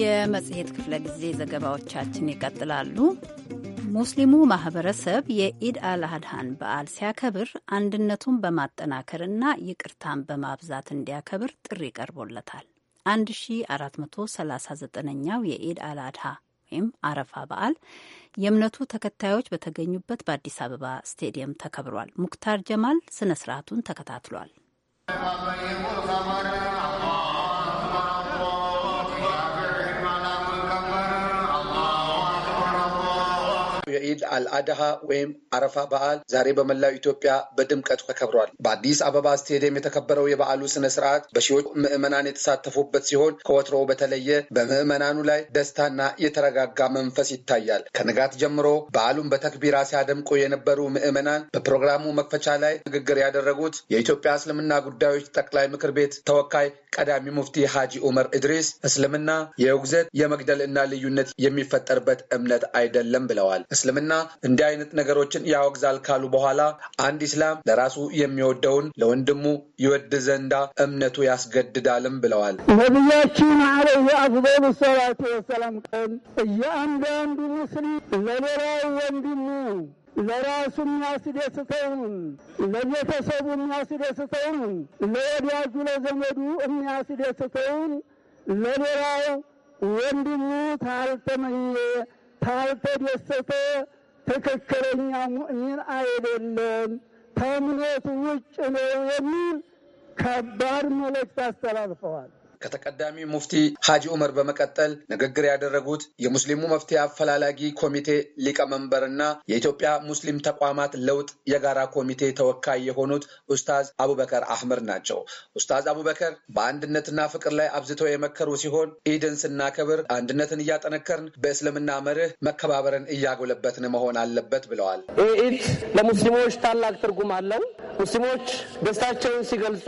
የመጽሔት ክፍለ ጊዜ ዘገባዎቻችን ይቀጥላሉ። ሙስሊሙ ማህበረሰብ የኢድ አልአድሃን በዓል ሲያከብር አንድነቱን በማጠናከርና ይቅርታን በማብዛት እንዲያከብር ጥሪ ቀርቦለታል። 1439ኛው የኢድ አልአድሃ ወይም አረፋ በዓል የእምነቱ ተከታዮች በተገኙበት በአዲስ አበባ ስቴዲየም ተከብሯል። ሙክታር ጀማል ስነ ስርዓቱን ተከታትሏል። የኢድ አልአድሃ ወይም አረፋ በዓል ዛሬ በመላው ኢትዮጵያ በድምቀት ተከብሯል። በአዲስ አበባ ስቴዲየም የተከበረው የበዓሉ ስነ ስርዓት በሺዎች ምዕመናን የተሳተፉበት ሲሆን ከወትሮው በተለየ በምዕመናኑ ላይ ደስታና የተረጋጋ መንፈስ ይታያል። ከንጋት ጀምሮ በዓሉን በተክቢራ ሲያደምቁ የነበሩ ምዕመናን በፕሮግራሙ መክፈቻ ላይ ንግግር ያደረጉት የኢትዮጵያ እስልምና ጉዳዮች ጠቅላይ ምክር ቤት ተወካይ ቀዳሚ ሙፍቲ ሀጂ ኡመር ኢድሪስ እስልምና የውግዘት የመግደል እና ልዩነት የሚፈጠርበት እምነት አይደለም ብለዋል። እስልምና እንዲህ አይነት ነገሮችን ያወግዛል ካሉ በኋላ አንድ ኢስላም ለራሱ የሚወደውን ለወንድሙ ይወድ ዘንዳ እምነቱ ያስገድዳልም ብለዋል። ነቢያችን አለይሂ አፍዶሉ ሰላቱ ወሰላም ቀን እያንዳንዱ ሙስሊም ለሌላው ወንድሙ ለራሱ የሚያስደስተውን ለቤተሰቡ የሚያስደስተውን ለወዳጁ ለዘመዱ የሚያስደስተውን ለሌላው ወንድሙ ታልተመየ ካልተደሰተ ትክክለኛ ሙእሚን አይደለም፣ ከእምነቱ ውጭ ነው የሚል ከባድ መልእክት አስተላልፈዋል። ከተቀዳሚ ሙፍቲ ሀጂ ዑመር በመቀጠል ንግግር ያደረጉት የሙስሊሙ መፍትሄ አፈላላጊ ኮሚቴ ሊቀመንበርና የኢትዮጵያ ሙስሊም ተቋማት ለውጥ የጋራ ኮሚቴ ተወካይ የሆኑት ኡስታዝ አቡበከር አህመድ ናቸው። ኡስታዝ አቡበከር በአንድነትና ፍቅር ላይ አብዝተው የመከሩ ሲሆን ኢድን ስናከብር አንድነትን እያጠነከርን በእስልምና መርህ መከባበርን እያጎለበትን መሆን አለበት ብለዋል። ኢድ ለሙስሊሞች ታላቅ ትርጉም አለው። ሙስሊሞች ደስታቸውን ሲገልጹ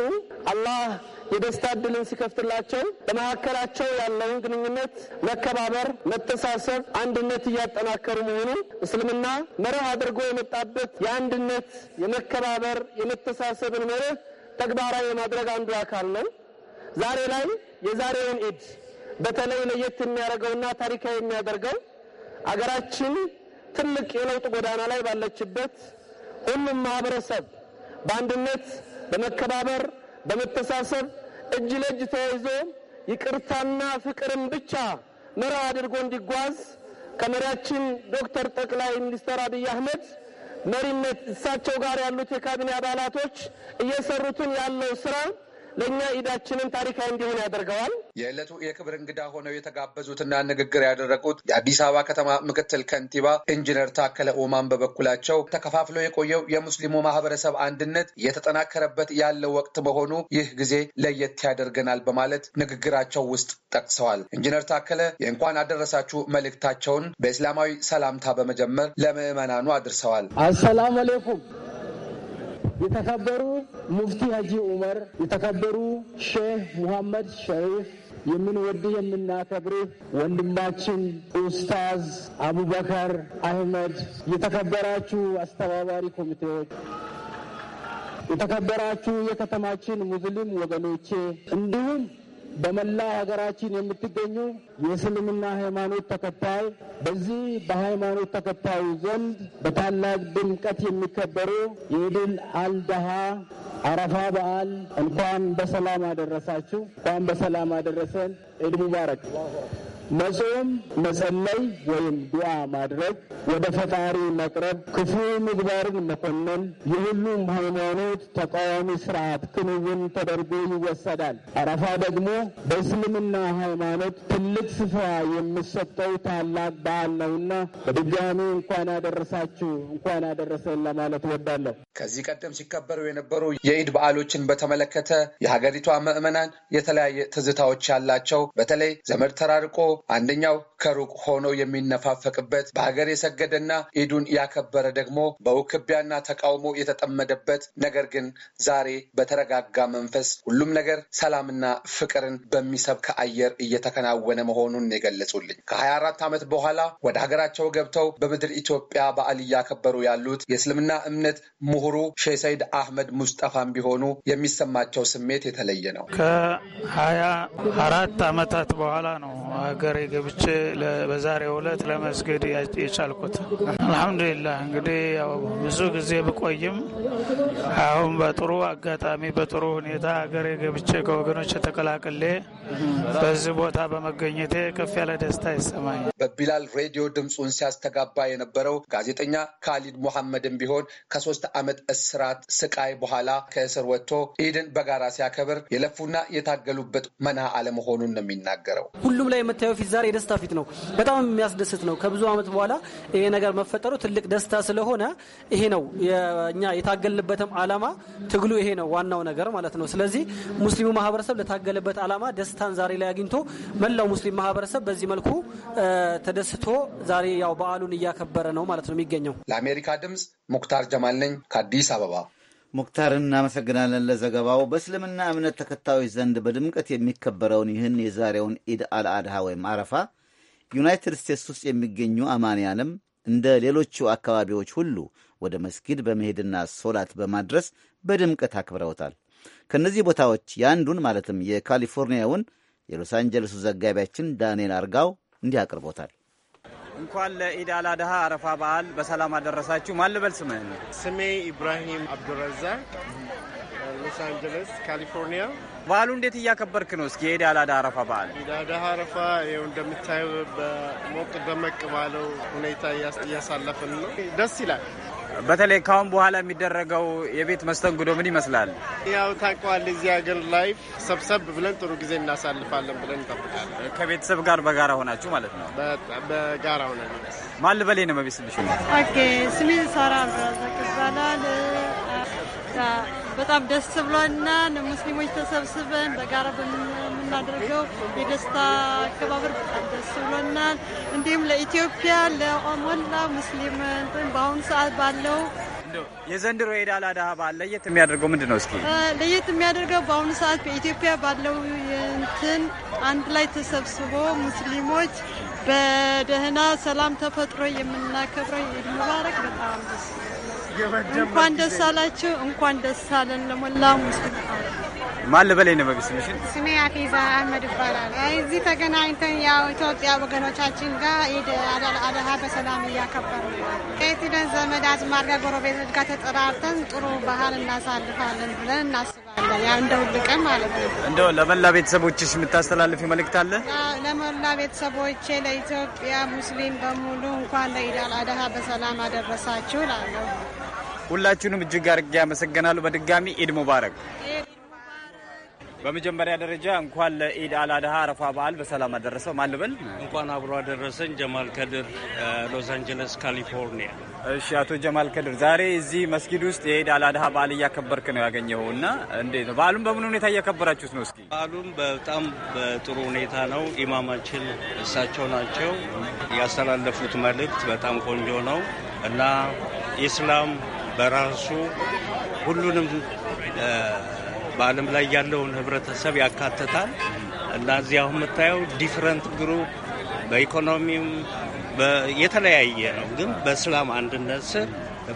አላህ የደስታ እድልን ሲከፍትላቸው በመካከላቸው ያለውን ግንኙነት መከባበር፣ መተሳሰብ፣ አንድነት እያጠናከሩ መሆኑ እስልምና መርህ አድርጎ የመጣበት የአንድነት፣ የመከባበር፣ የመተሳሰብን መርህ ተግባራዊ የማድረግ አንዱ አካል ነው። ዛሬ ላይ የዛሬውን ኢድ በተለይ ለየት የሚያደርገውና ታሪካዊ የሚያደርገው አገራችን ትልቅ የለውጥ ጎዳና ላይ ባለችበት ሁሉም ማህበረሰብ በአንድነት በመከባበር በመተሳሰብ እጅ ለእጅ ተያይዞ ይቅርታና ፍቅርን ብቻ መርህ አድርጎ እንዲጓዝ ከመሪያችን ዶክተር ጠቅላይ ሚኒስትር አብይ አህመድ መሪነት እሳቸው ጋር ያሉት የካቢኔ አባላቶች እየሰሩትን ያለው ስራ ለእኛ ኢዳችንን ታሪካዊ እንዲሆን ያደርገዋል። የዕለቱ የክብር እንግዳ ሆነው የተጋበዙትና ንግግር ያደረጉት የአዲስ አበባ ከተማ ምክትል ከንቲባ ኢንጂነር ታከለ ኡማን በበኩላቸው ተከፋፍሎ የቆየው የሙስሊሙ ማህበረሰብ አንድነት እየተጠናከረበት ያለው ወቅት መሆኑ ይህ ጊዜ ለየት ያደርገናል በማለት ንግግራቸው ውስጥ ጠቅሰዋል። ኢንጂነር ታከለ የእንኳን አደረሳችሁ መልእክታቸውን በእስላማዊ ሰላምታ በመጀመር ለምዕመናኑ አድርሰዋል። አሰላሙ አሌይኩም የተከበሩ ሙፍቲ ሀጂ ዑመር፣ የተከበሩ ሼህ ሙሐመድ ሸሪፍ፣ የምንወድህ የምናከብርህ ወንድማችን ኡስታዝ አቡበከር አህመድ፣ የተከበራችሁ አስተባባሪ ኮሚቴዎች የተከበራችሁ የከተማችን ሙስሊም ወገኖቼ እንዲሁም በመላ ሀገራችን የምትገኙ የእስልምና ሃይማኖት ተከታይ በዚህ በሃይማኖት ተከታዩ ዘንድ በታላቅ ድምቀት የሚከበሩ የኢድል አልደሃ አረፋ በዓል እንኳን በሰላም አደረሳችሁ፣ እንኳን በሰላም አደረሰን። ኢድ ሙባረክ። መጾም፣ መጸለይ ወይም ዱዓ ማድረግ፣ ወደ ፈጣሪ መቅረብ፣ ክፉ ምግባርን መኮነን የሁሉም ሃይማኖት ተቃዋሚ ስርዓት ክንውን ተደርጎ ይወሰዳል። አረፋ ደግሞ በእስልምና ሃይማኖት ትልቅ ስፍራ የሚሰጠው ታላቅ በዓል ነውና በድጋሚ እንኳን ያደረሳችሁ እንኳን ያደረሰን ለማለት ወዳለሁ። ከዚህ ቀደም ሲከበሩ የነበሩ የኢድ በዓሎችን በተመለከተ የሀገሪቷ ምዕመናን የተለያየ ትዝታዎች ያላቸው በተለይ ዘመድ ተራርቆ አንደኛው ከሩቅ ሆኖ የሚነፋፈቅበት በሀገር የሰገደና ኢዱን ያከበረ ደግሞ በውክቢያና ተቃውሞ የተጠመደበት ነገር ግን ዛሬ በተረጋጋ መንፈስ ሁሉም ነገር ሰላምና ፍቅርን በሚሰብክ አየር እየተከናወነ መሆኑን የገለጹልኝ ከ24 ዓመት በኋላ ወደ ሀገራቸው ገብተው በምድር ኢትዮጵያ በዓል እያከበሩ ያሉት የእስልምና እምነት ምሁሩ ሼህ ሰይድ አህመድ ሙስጠፋን ቢሆኑ የሚሰማቸው ስሜት የተለየ ነው። ከሀያ አራት ዓመታት በኋላ ነው ሀገሬ ገብቼ በዛሬ ዕለት ለመስገድ የቻልኩት። አልሐምዱሊላህ እንግዲህ ያው ብዙ ጊዜ ብቆይም አሁን በጥሩ አጋጣሚ በጥሩ ሁኔታ ሀገሬ ገብቼ ከወገኖች ተቀላቅሌ በዚህ ቦታ በመገኘቴ ከፍ ያለ ደስታ ይሰማኛል። በቢላል ሬዲዮ ድምፁን ሲያስተጋባ የነበረው ጋዜጠኛ ካሊድ ሙሐመድም ቢሆን ከሶስት ዓመት እስራት ስቃይ በኋላ ከእስር ወጥቶ ኢድን በጋራ ሲያከብር የለፉና የታገሉበት መና አለመሆኑን ነው የሚናገረው። ሁሉም ላይ የምታየው ፊት ዛሬ የደስታ ፊት ነው። ነው። በጣም የሚያስደስት ነው። ከብዙ ዓመት በኋላ ይሄ ነገር መፈጠሩ ትልቅ ደስታ ስለሆነ ይሄ ነው እኛ የታገልበትም ዓላማ ትግሉ ይሄ ነው ዋናው ነገር ማለት ነው። ስለዚህ ሙስሊሙ ማህበረሰብ ለታገለበት ዓላማ ደስታን ዛሬ ላይ አግኝቶ መላው ሙስሊም ማህበረሰብ በዚህ መልኩ ተደስቶ ዛሬ ያው በዓሉን እያከበረ ነው ማለት ነው የሚገኘው። ለአሜሪካ ድምፅ ሙክታር ጀማል ነኝ ከአዲስ አበባ። ሙክታርን እናመሰግናለን ለዘገባው። በእስልምና እምነት ተከታዮች ዘንድ በድምቀት የሚከበረውን ይህን የዛሬውን ኢድ አልአድሃ ወይም አረፋ ዩናይትድ ስቴትስ ውስጥ የሚገኙ አማንያንም እንደ ሌሎቹ አካባቢዎች ሁሉ ወደ መስጊድ በመሄድና ሶላት በማድረስ በድምቀት አክብረውታል። ከእነዚህ ቦታዎች የአንዱን ማለትም የካሊፎርኒያውን የሎስ አንጀለሱ ዘጋቢያችን ዳንኤል አርጋው እንዲህ አቅርቦታል። እንኳን ለኢድ አላድሃ አረፋ በዓል በሰላም አደረሳችሁ። ማን ልበል ስምህን? ስሜ ኢብራሂም አብዱረዛቅ ሎስ አንጀለስ ካሊፎርኒያ። በዓሉ እንዴት እያከበርክ ነው? እስኪ የኢድ አል አድሃ አረፋ በዓል። ኢድ አል አድሃ አረፋ ይኸው እንደምታየው በሞቅ ደመቅ ባለው ሁኔታ እያሳለፍን ነው። ደስ ይላል። በተለይ ካሁን በኋላ የሚደረገው የቤት መስተንግዶ ምን ይመስላል? ያው ታውቀዋለህ፣ እዚህ ሀገር ላይ ሰብሰብ ብለን ጥሩ ጊዜ እናሳልፋለን ብለን እንጠብቃለን። ከቤተሰብ ጋር በጋራ ሆናችሁ ማለት ነው? በጋራ ሆነ ማል በሌ ነው መቤት ስልሽ? ስሜ ሳራ ብራዘቅ ይባላል። በጣም ደስ ብሎናል። ሙስሊሞች ተሰብስበን በጋራ በምናደርገው የደስታ አከባበር በጣም ደስ ብሎናል። እንዲሁም ለኢትዮጵያ ለሞላ ሙስሊም በአሁኑ ሰዓት ባለው የዘንድሮ የኢድ አል አድሃ በዓል ለየት የሚያደርገው ምንድን ነው? እስኪ ለየት የሚያደርገው በአሁኑ ሰዓት በኢትዮጵያ ባለው እንትን አንድ ላይ ተሰብስቦ ሙስሊሞች በደህና ሰላም ተፈጥሮ የምናከብረው ኢድ ሙባረክ በጣም ደስ እንኳን ደስ አላችሁ፣ እንኳን ደስ አለን ለሞላ ሙስሊም ማን ልበል? ነው መግስት ስሜ አፊዛ አህመድ ይባላል። እዚህ ተገናኝተን ያው ኢትዮጵያ ወገኖቻችን ጋር ኢድ አድሃ በሰላም እያከበሩ ከየት ደን ዘመድ አዝማድ ጋር ጎረቤቶች ጋር ተጠራርተን ጥሩ ባህል እናሳልፋለን ብለን እናስባለን። ያው እንደ ሁል ቀን ማለት ነው። እንደው ለመላ ቤተሰቦችሽ የምታስተላልፊ መልእክት አለ? ለመላ ቤተሰቦቼ ለኢትዮጵያ ሙስሊም በሙሉ እንኳን ለኢድ አድሃ በሰላም አደረሳችሁ እላለሁ። ሁላችሁንም እጅግ አድርጌ አመሰግናለሁ። በድጋሚ ኢድ ሙባረክ። በመጀመሪያ ደረጃ እንኳን ለኢድ አላድሃ አረፋ በዓል በሰላም አደረሰው ማልበል እንኳን አብሮ አደረሰን። ጀማል ከድር ሎስ አንጀለስ ካሊፎርኒያ። እሺ አቶ ጀማል ከድር ዛሬ እዚህ መስጊድ ውስጥ የኢድ አላድሃ በዓል እያከበርክ ነው ያገኘው እና እንዴት ነው በዓሉም በምን ሁኔታ እያከበራችሁት ነው? እስኪ በዓሉም በጣም በጥሩ ሁኔታ ነው። ኢማማችን እሳቸው ናቸው ያስተላለፉት መልእክት በጣም ቆንጆ ነው እና ኢስላም በራሱ ሁሉንም በዓለም ላይ ያለውን ህብረተሰብ ያካትታል እና እዚህ አሁን የምታየው ዲፍረንት ግሩፕ በኢኮኖሚም የተለያየ ነው፣ ግን በእስላም አንድነት ስር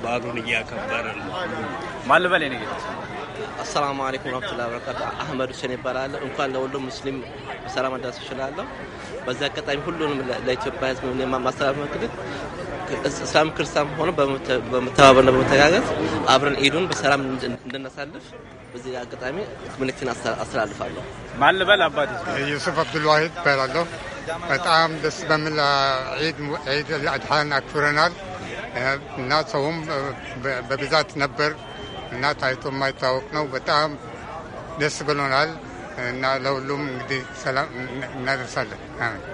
በዓሉን እያከበረ ነው። ማልበል ነ አሰላሙ አለይኩም ረመቱላ በረካቱ። አህመድ ሁሴን ይባላለሁ። እንኳን ለወሎ ሙስሊም ሰላም አዳስ ይችላለሁ። በዚህ አጋጣሚ ሁሉንም ለኢትዮጵያ ህዝብ ማስተላለፍ መክልት እስላም ክርስቲያን ሆኖ በመተባበርና በመተጋገዝ አብረን ኢዱን በሰላም እንድናሳልፍ በዚህ አጋጣሚ መልእክትን አስተላልፋለሁ። ማን ልበል? አባቴ ዩሱፍ አብዱልዋሂድ እባላለሁ። በጣም ደስ በሚል ዒድ አልአድሓን አክብረናል እና ሰውም በብዛት ነበር እና ታይቶ የማይታወቅ ነው። በጣም ደስ ብሎናል። እና ለሁሉም እንግዲህ ሰላም እናደርሳለን።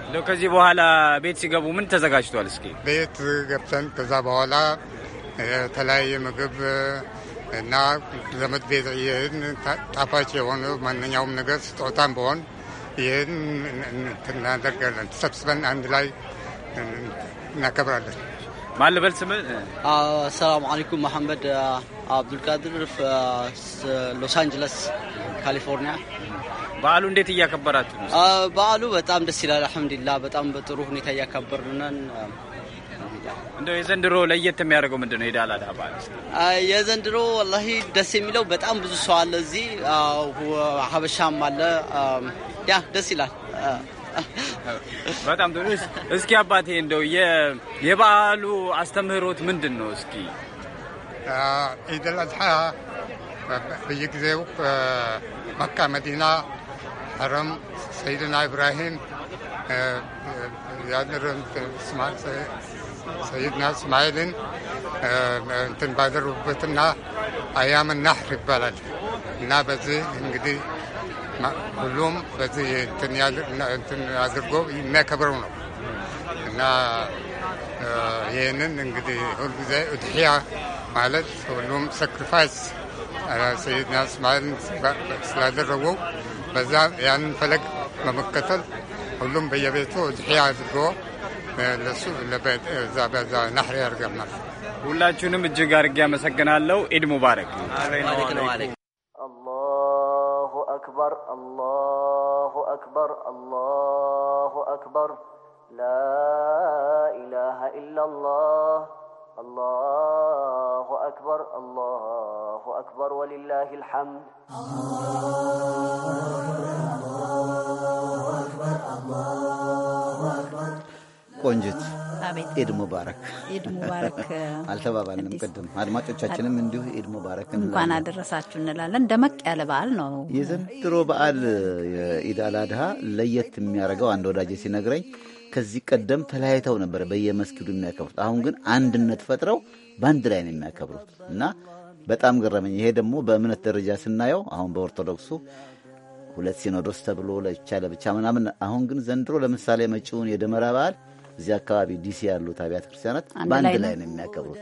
እንደው ከዚህ በኋላ ቤት ሲገቡ ምን ተዘጋጅቷል? እስኪ ቤት ገብተን ከዛ በኋላ የተለያየ ምግብ እና ዘመድ ቤት ይህን ጣፋጭ የሆነ ማንኛውም ነገር ስጦታን በሆን ይህን እናደርጋለን። ተሰብስበን አንድ ላይ እናከብራለን። ማልበል ስም አሰላሙ አለይኩም መሐመድ አብዱልቃድር ሎስ አንጀለስ ካሊፎርኒያ በዓሉ እንዴት እያከበራችሁ ነው? በዓሉ በጣም ደስ ይላል። አልሐምዱላ በጣም በጥሩ ሁኔታ እያከበርነን። እንደ የዘንድሮ ለየት የሚያደርገው ምንድን ነው? የዳል በዓል የዘንድሮ ወላሂ ደስ የሚለው በጣም ብዙ ሰው አለ እዚህ፣ ሀበሻም አለ። ያ ደስ ይላል። በጣም ጥሩ። እስኪ አባቴ እንደው የበዓሉ አስተምህሮት ምንድን ነው? እስኪ ኢድ በየጊዜው መካ መዲና حرم سيدنا ابراهيم یاد آه، آه، نرم اسماعیل سید نا آه، تن بادر وبتنا ايام النحر بلد نا بزي كلهم بزي تن یاد تن ازرگو ما كبرو نا ينن انگدي هول بزي ادحيا مالت كلهم ساكريفايس سيدنا اسماعيل سلادر وو بزاف يعني فلق ما مقتل كلهم بيا بيتو دحيا تقو لسوق لبيت زابا زا نحري ولا تشونو مجيك ارجع مسكنا لو عيد مبارك الله اكبر الله اكبر الله اكبر لا اله الا الله الله اكبر الله أكبر ولله الحمد ቆንጅት ኢድ ሙባረክ ኢድ ሙባረክ [laughs] አልተባባልንም። ቅድም አድማጮቻችንም እንዲሁ ኢድ ሙባረክ እንኳን አደረሳችሁ እንላለን። ደመቅ ያለ በዓል ነው የዘንድሮ በዓል የኢድ አላድሃ። ለየት የሚያደርገው አንድ ወዳጅ ሲነግረኝ ከዚህ ቀደም ተለያይተው ነበር በየመስጊዱ የሚያከብሩት። አሁን ግን አንድነት ፈጥረው በአንድ ላይ ነው የሚያከብሩት እና በጣም ገረመኝ። ይሄ ደግሞ በእምነት ደረጃ ስናየው አሁን በኦርቶዶክሱ ሁለት ሲኖዶስ ተብሎ ለብቻ ለብቻ ምናምን፣ አሁን ግን ዘንድሮ ለምሳሌ መጪውን የደመራ በዓል እዚህ አካባቢ ዲሲ ያሉት አብያተ ክርስቲያናት በአንድ ላይ ነው የሚያከብሩት።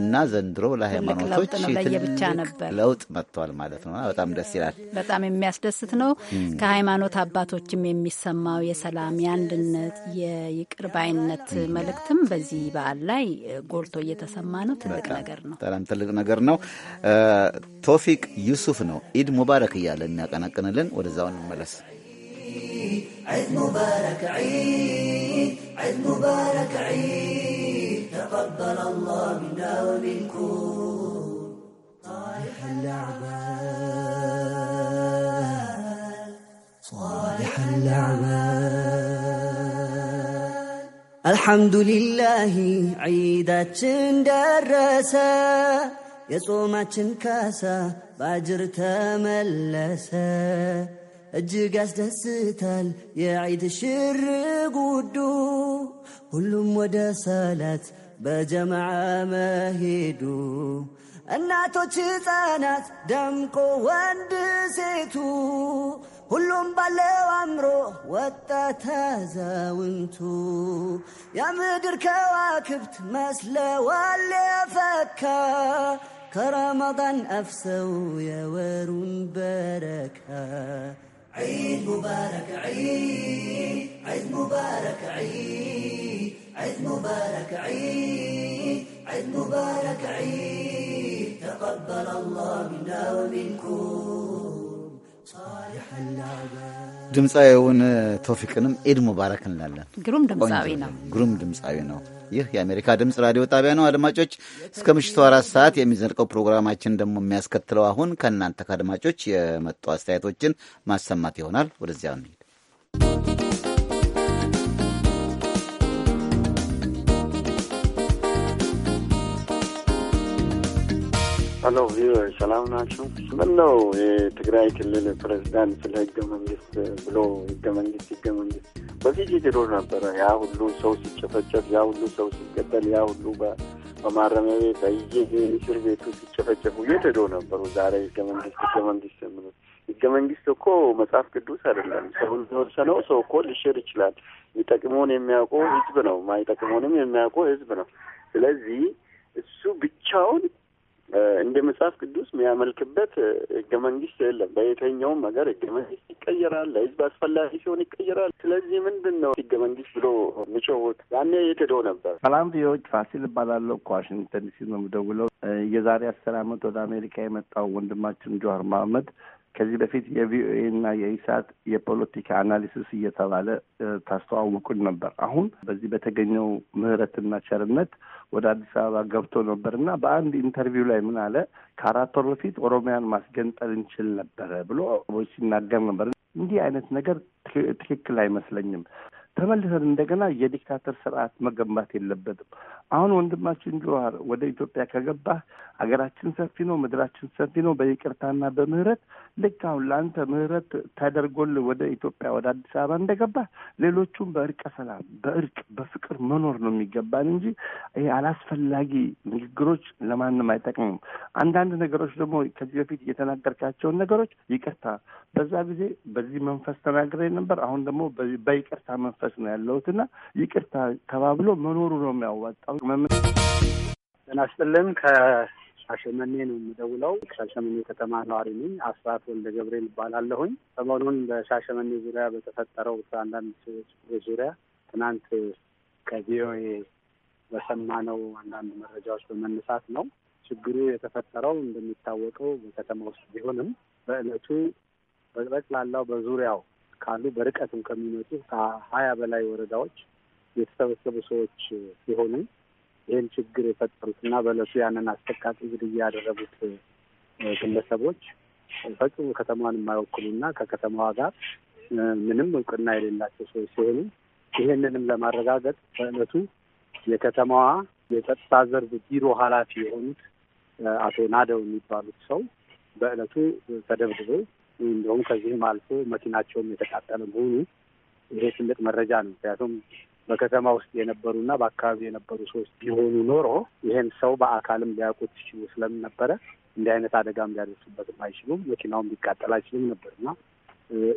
እና ዘንድሮ ለሃይማኖቶች ለየብቻ ነበር ለውጥ መጥቷል ማለት ነው። በጣም ደስ ይላል። በጣም የሚያስደስት ነው። ከሃይማኖት አባቶችም የሚሰማው የሰላም፣ የአንድነት፣ የይቅር ባይነት መልእክትም በዚህ በዓል ላይ ጎልቶ እየተሰማ ነው። ትልቅ ነገር ነው። በጣም ትልቅ ነገር ነው። ቶፊቅ ዩሱፍ ነው ኢድ ሙባረክ እያለ የሚያቀነቅንልን። ወደዛው እንመለስ። عيد مبارك عيد عيد مبارك عيد تقبل الله منا ومنكم صالح الأعمال صالح الأعمال الحمد لله عيدة درس يا صومة كاسة باجر تملس እጅግ ያስደስታል የዒድ ሽር ጉዱ ሁሉም ወደ ሰላት በጀማዓ መሄዱ እናቶች ሕፃናት ደምቆ ወንድ ሴቱ ሁሉም ባለው አምሮ ወጣት አዛውንቱ የምድር ከዋክብት መስለዋል የፈካ ከረመዳን አፍሰው የወሩን በረካ عيد مبارك عيد عيد مبارك عيد عيد مبارك عيد عيد مبارك عيد تقبل الله منا ومنكم صالح الأعمال ድምፃዊውን ቶፊቅንም ኢድ ሙባረክ እንላለን። ግሩም ድምፃዊ ነው። ግሩም ድምፃዊ ነው። ይህ የአሜሪካ ድምፅ ራዲዮ ጣቢያ ነው። አድማጮች እስከ ምሽቱ አራት ሰዓት የሚዘልቀው ፕሮግራማችን ደግሞ የሚያስከትለው አሁን ከእናንተ ከአድማጮች የመጡ አስተያየቶችን ማሰማት ይሆናል። ወደዚያ እንሂድ። ሀሎ ቪዮች ሰላም ናችሁ? ምን ነው የትግራይ ክልል ፕሬዚዳንት ስለ ህገ መንግስት ብሎ ህገ መንግስት ህገ መንግስት በፊት ይድሮ ነበረ። ያ ሁሉ ሰው ሲጨፈጨፍ፣ ያ ሁሉ ሰው ሲገደል፣ ያ ሁሉ በማረሚያ ቤት በየ እስር ቤቱ ሲጨፈጨፉ የት ሄዶ ነበሩ? ዛሬ ህገ መንግስት ህገ መንግስት የምሉ ህገ መንግስት እኮ መጽሐፍ ቅዱስ አይደለም። ሰው የወሰነው ሰው እኮ ሊሽር ይችላል። የሚጠቅመውን የሚያውቀው ህዝብ ነው፣ ማይጠቅመውንም የሚያውቀው ህዝብ ነው። ስለዚህ እሱ ብቻውን እንደ መጽሐፍ ቅዱስ የሚያመልክበት ህገ መንግስት የለም። በየተኛውም ሀገር ህገ መንግስት ይቀየራል፣ ለህዝብ አስፈላጊ ሲሆን ይቀየራል። ስለዚህ ምንድን ነው ህገ መንግስት ብሎ የሚጮሁት? ያኔ የት ሄዶ ነበር? ሰላም ቪዎች ፋሲል እባላለሁ። ከዋሽንግተን ዲሲ ነው የምደውለው። የዛሬ አስር አመት ወደ አሜሪካ የመጣው ወንድማችን ጆሀር መሀመድ ከዚህ በፊት የቪኦኤ እና የኢሳት የፖለቲካ አናሊሲስ እየተባለ ታስተዋውቁን ነበር። አሁን በዚህ በተገኘው ምህረትና ቸርነት ወደ አዲስ አበባ ገብቶ ነበር እና በአንድ ኢንተርቪው ላይ ምን አለ፣ ከአራት ወር በፊት ኦሮሚያን ማስገንጠል እንችል ነበረ ብሎ ሲናገር ነበር። እንዲህ አይነት ነገር ትክክል አይመስለኝም። ተመልሰን እንደገና የዲክታተር ስርዓት መገንባት የለበትም። አሁን ወንድማችን ጆሀር ወደ ኢትዮጵያ ከገባ ሀገራችን ሰፊ ነው፣ ምድራችን ሰፊ ነው። በይቅርታና በምህረት ልክ አሁን ለአንተ ምህረት ተደርጎል ወደ ኢትዮጵያ ወደ አዲስ አበባ እንደገባ ሌሎቹም በእርቀ ሰላም፣ በእርቅ፣ በፍቅር መኖር ነው የሚገባን እንጂ ይህ አላስፈላጊ ንግግሮች ለማንም አይጠቅምም። አንዳንድ ነገሮች ደግሞ ከዚህ በፊት የተናገርካቸውን ነገሮች ይቅርታ፣ በዛ ጊዜ በዚህ መንፈስ ተናግሬ ነበር፣ አሁን ደግሞ በይቅርታ መንፈስ እየጠቀስ ነው ያለሁት እና ይቅርታ ተባብሎ መኖሩ ነው የሚያዋጣው። ጤና ከሻሸመኔ ነው የምደውለው። ሻሸመኔ ከተማ ነዋሪ ነኝ። አስራት ወልደ ገብርኤል እባላለሁኝ። ሰሞኑን በሻሸመኔ ዙሪያ በተፈጠረው አንዳንድ ዙሪያ ትናንት ከቪኦኤ በሰማነው አንዳንድ መረጃዎች በመነሳት ነው ችግሩ የተፈጠረው። እንደሚታወቀው በከተማ ውስጥ ቢሆንም በዕለቱ በጠቅላላው በዙሪያው ካሉ በርቀትም ከሚመጡ ከሀያ በላይ ወረዳዎች የተሰበሰቡ ሰዎች ሲሆኑ ይህን ችግር የፈጠሩት እና በእለቱ ያንን አስጠቃቂ ግድያ ያደረጉት ግለሰቦች ፈጽሞ ከተማዋን የማይወክሉና ከከተማዋ ጋር ምንም እውቅና የሌላቸው ሰዎች ሲሆኑ ይህንንም ለማረጋገጥ በእለቱ የከተማዋ የጸጥታ ዘርፍ ቢሮ ኃላፊ የሆኑት አቶ ናደው የሚባሉት ሰው በእለቱ ተደብድበው እንዲሁም ከዚህም አልፎ መኪናቸውም የተቃጠለ መሆኑ ይሄ ትልቅ መረጃ ነው። ምክንያቱም በከተማ ውስጥ የነበሩና በአካባቢ የነበሩ ሰዎች ቢሆኑ ኖሮ ይሄን ሰው በአካልም ሊያውቁት ይችሉ ስለነበረ እንዲህ አይነት አደጋም ሊያደርሱበትም አይችሉም፣ መኪናውም ሊቃጠል አይችልም ነበርና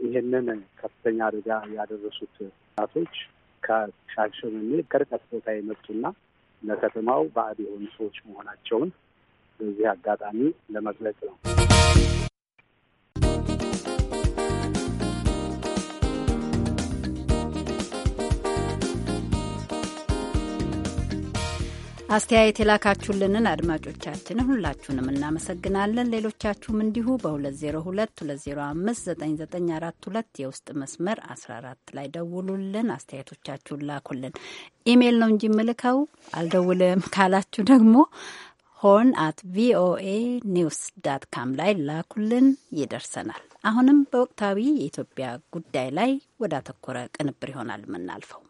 ይህንን ከፍተኛ አደጋ ያደረሱት ራሶች ከሻሸመኔ ከርቀት ቦታ የመጡና ለከተማው ባዕድ የሆኑ ሰዎች መሆናቸውን በዚህ አጋጣሚ ለመግለጽ ነው። አስተያየት የላካችሁልንን አድማጮቻችንን ሁላችሁንም እናመሰግናለን። ሌሎቻችሁም እንዲሁ በ2022059942 የውስጥ መስመር 14 ላይ ደውሉልን፣ አስተያየቶቻችሁን ላኩልን። ኢሜይል ነው እንጂ ምልከው አልደውልም ካላችሁ ደግሞ ሆን አት ቪኦኤ ኒውስ ዳት ካም ላይ ላኩልን፣ ይደርሰናል። አሁንም በወቅታዊ የኢትዮጵያ ጉዳይ ላይ ወዳተኮረ ቅንብር ይሆናል የምናልፈው።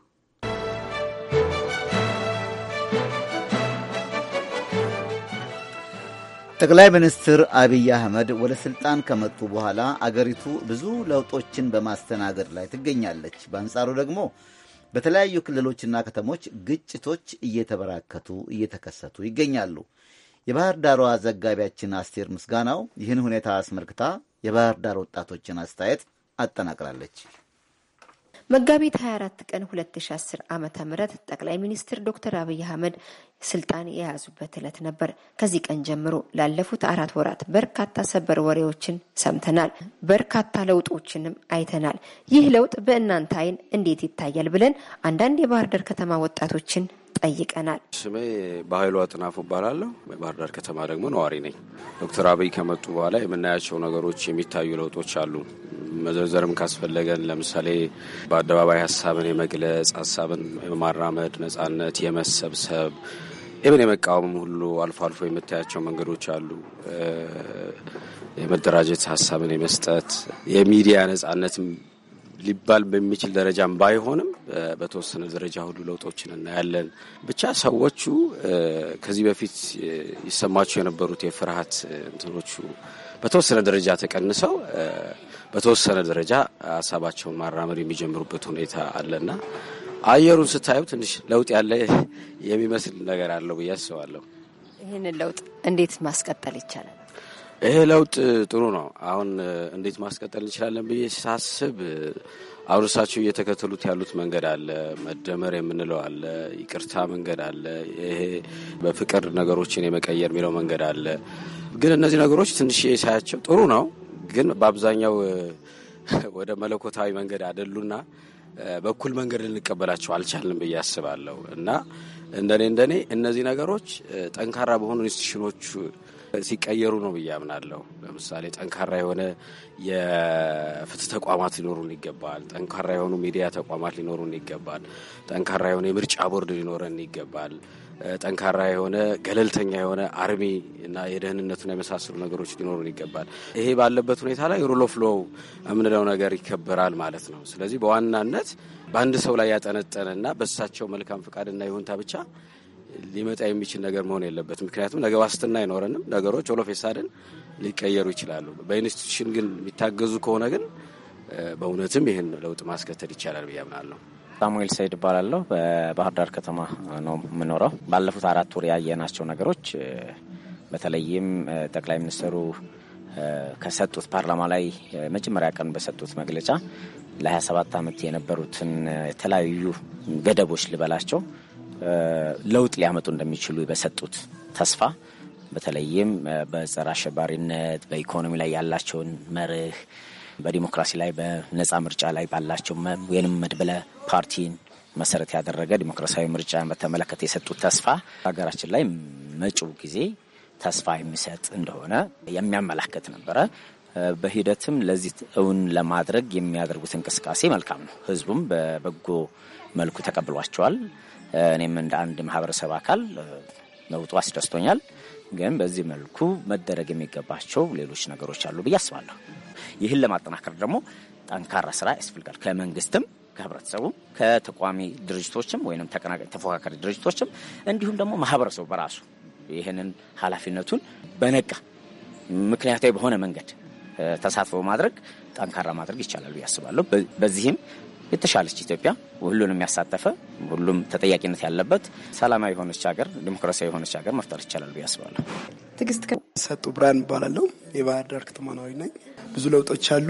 ጠቅላይ ሚኒስትር አብይ አህመድ ወደ ስልጣን ከመጡ በኋላ አገሪቱ ብዙ ለውጦችን በማስተናገድ ላይ ትገኛለች። በአንጻሩ ደግሞ በተለያዩ ክልሎችና ከተሞች ግጭቶች እየተበራከቱ እየተከሰቱ ይገኛሉ። የባህር ዳሯ ዘጋቢያችን አስቴር ምስጋናው ይህን ሁኔታ አስመልክታ የባህር ዳር ወጣቶችን አስተያየት አጠናቅራለች። መጋቢት 24 ቀን 2010 ዓ ም ጠቅላይ ሚኒስትር ዶክተር አብይ አህመድ ስልጣን የያዙበት ዕለት ነበር። ከዚህ ቀን ጀምሮ ላለፉት አራት ወራት በርካታ ሰበር ወሬዎችን ሰምተናል። በርካታ ለውጦችንም አይተናል። ይህ ለውጥ በእናንተ አይን እንዴት ይታያል ብለን አንዳንድ የባህር ዳር ከተማ ወጣቶችን ጠይቀናል። ስሜ በኃይሉ አጥናፉ እባላለሁ። የባህር ዳር ከተማ ደግሞ ነዋሪ ነኝ። ዶክተር አብይ ከመጡ በኋላ የምናያቸው ነገሮች፣ የሚታዩ ለውጦች አሉ። መዘርዘርም ካስፈለገን ለምሳሌ በአደባባይ ሀሳብን የመግለጽ ሀሳብን የማራመድ ነጻነት፣ የመሰብሰብ ኢብን የመቃወም ሁሉ አልፎ አልፎ የምታያቸው መንገዶች አሉ። የመደራጀት ሀሳብን የመስጠት የሚዲያ ነጻነት ሊባል በሚችል ደረጃም ባይሆንም በተወሰነ ደረጃ ሁሉ ለውጦችን እናያለን። ብቻ ሰዎቹ ከዚህ በፊት ይሰማቸው የነበሩት የፍርሃት እንትኖቹ በተወሰነ ደረጃ ተቀንሰው በተወሰነ ደረጃ ሀሳባቸውን ማራመድ የሚጀምሩበት ሁኔታ አለና አየሩን ስታዩ ትንሽ ለውጥ ያለ የሚመስል ነገር አለው ብዬ አስባለሁ። ይህንን ለውጥ እንዴት ማስቀጠል ይቻላል? ይሄ ለውጥ ጥሩ ነው። አሁን እንዴት ማስቀጠል እንችላለን ብዬ ሳስብ አሁን እየተከተሉት ያሉት መንገድ አለ፣ መደመር የምንለው አለ፣ ይቅርታ መንገድ አለ፣ ይሄ በፍቅር ነገሮችን የመቀየር የሚለው መንገድ አለ። ግን እነዚህ ነገሮች ትንሽ ሳያቸው ጥሩ ነው፣ ግን በአብዛኛው ወደ መለኮታዊ መንገድ አይደሉና በኩል መንገድ ልንቀበላቸው አልቻልንም ብዬ አስባለሁ እና እንደኔ እንደኔ እነዚህ ነገሮች ጠንካራ በሆኑ ኢንስቲትዩሽኖች ሲቀየሩ ነው ብዬ አምናለሁ። ለምሳሌ ጠንካራ የሆነ የፍትህ ተቋማት ሊኖሩን ይገባል። ጠንካራ የሆኑ ሚዲያ ተቋማት ሊኖሩን ይገባል። ጠንካራ የሆነ የምርጫ ቦርድ ሊኖረን ይገባል። ጠንካራ የሆነ ገለልተኛ የሆነ አርሚ እና የደህንነቱን የመሳሰሉ ነገሮች ሊኖሩን ይገባል። ይሄ ባለበት ሁኔታ ላይ ሩል ኦፍ ሎው የምንለው ነገር ይከበራል ማለት ነው። ስለዚህ በዋናነት በአንድ ሰው ላይ ያጠነጠነ እና በሳቸው መልካም ፈቃድና ይሁንታ ብቻ ሊመጣ የሚችል ነገር መሆን የለበት ምክንያቱም ነገ ዋስትና አይኖረንም። ነገሮች ኦሎፌሳድን ሊቀየሩ ይችላሉ። በኢንስቲቱሽን ግን የሚታገዙ ከሆነ ግን በእውነትም ይህን ለውጥ ማስከተል ይቻላል ብዬ አምናለሁ። ሳሙኤል ሰይድ እባላለሁ። በባህር ዳር ከተማ ነው የምኖረው። ባለፉት አራት ወር ያየናቸው ነገሮች በተለይም ጠቅላይ ሚኒስትሩ ከሰጡት ፓርላማ ላይ መጀመሪያ ቀን በሰጡት መግለጫ ለ27 ዓመት የነበሩትን የተለያዩ ገደቦች ልበላቸው ለውጥ ሊያመጡ እንደሚችሉ በሰጡት ተስፋ በተለይም በጸረ አሸባሪነት በኢኮኖሚ ላይ ያላቸውን መርህ በዲሞክራሲ ላይ በነጻ ምርጫ ላይ ባላቸው ወይንም መድበለ ፓርቲን መሰረት ያደረገ ዲሞክራሲያዊ ምርጫ በተመለከተ የሰጡት ተስፋ ሀገራችን ላይ መጪው ጊዜ ተስፋ የሚሰጥ እንደሆነ የሚያመላክት ነበረ። በሂደትም ለዚህ እውን ለማድረግ የሚያደርጉት እንቅስቃሴ መልካም ነው። ህዝቡም በበጎ መልኩ ተቀብሏቸዋል። እኔም እንደ አንድ ማህበረሰብ አካል መውጡ አስደስቶኛል። ግን በዚህ መልኩ መደረግ የሚገባቸው ሌሎች ነገሮች አሉ ብዬ አስባለሁ። ይህን ለማጠናከር ደግሞ ጠንካራ ስራ ያስፈልጋል ከመንግስትም ከህብረተሰቡም ከተቋሚ ድርጅቶችም ወይም ተፎካካሪ ድርጅቶችም እንዲሁም ደግሞ ማህበረሰቡ በራሱ ይህንን ኃላፊነቱን በነቃ ምክንያታዊ በሆነ መንገድ ተሳትፎ ማድረግ ጠንካራ ማድረግ ይቻላሉ ያስባለሁ። በዚህም የተሻለች ኢትዮጵያ ሁሉንም ያሳተፈ ሁሉም ተጠያቂነት ያለበት ሰላማዊ የሆነች ሀገር፣ ዲሞክራሲያዊ የሆነች ሀገር መፍጠር ይቻላሉ ያስባለሁ። ትግስት ሰጡ ብርሃን እባላለሁ። የባህር ዳር ከተማ ነዋሪ ነኝ። ብዙ ለውጦች አሉ፣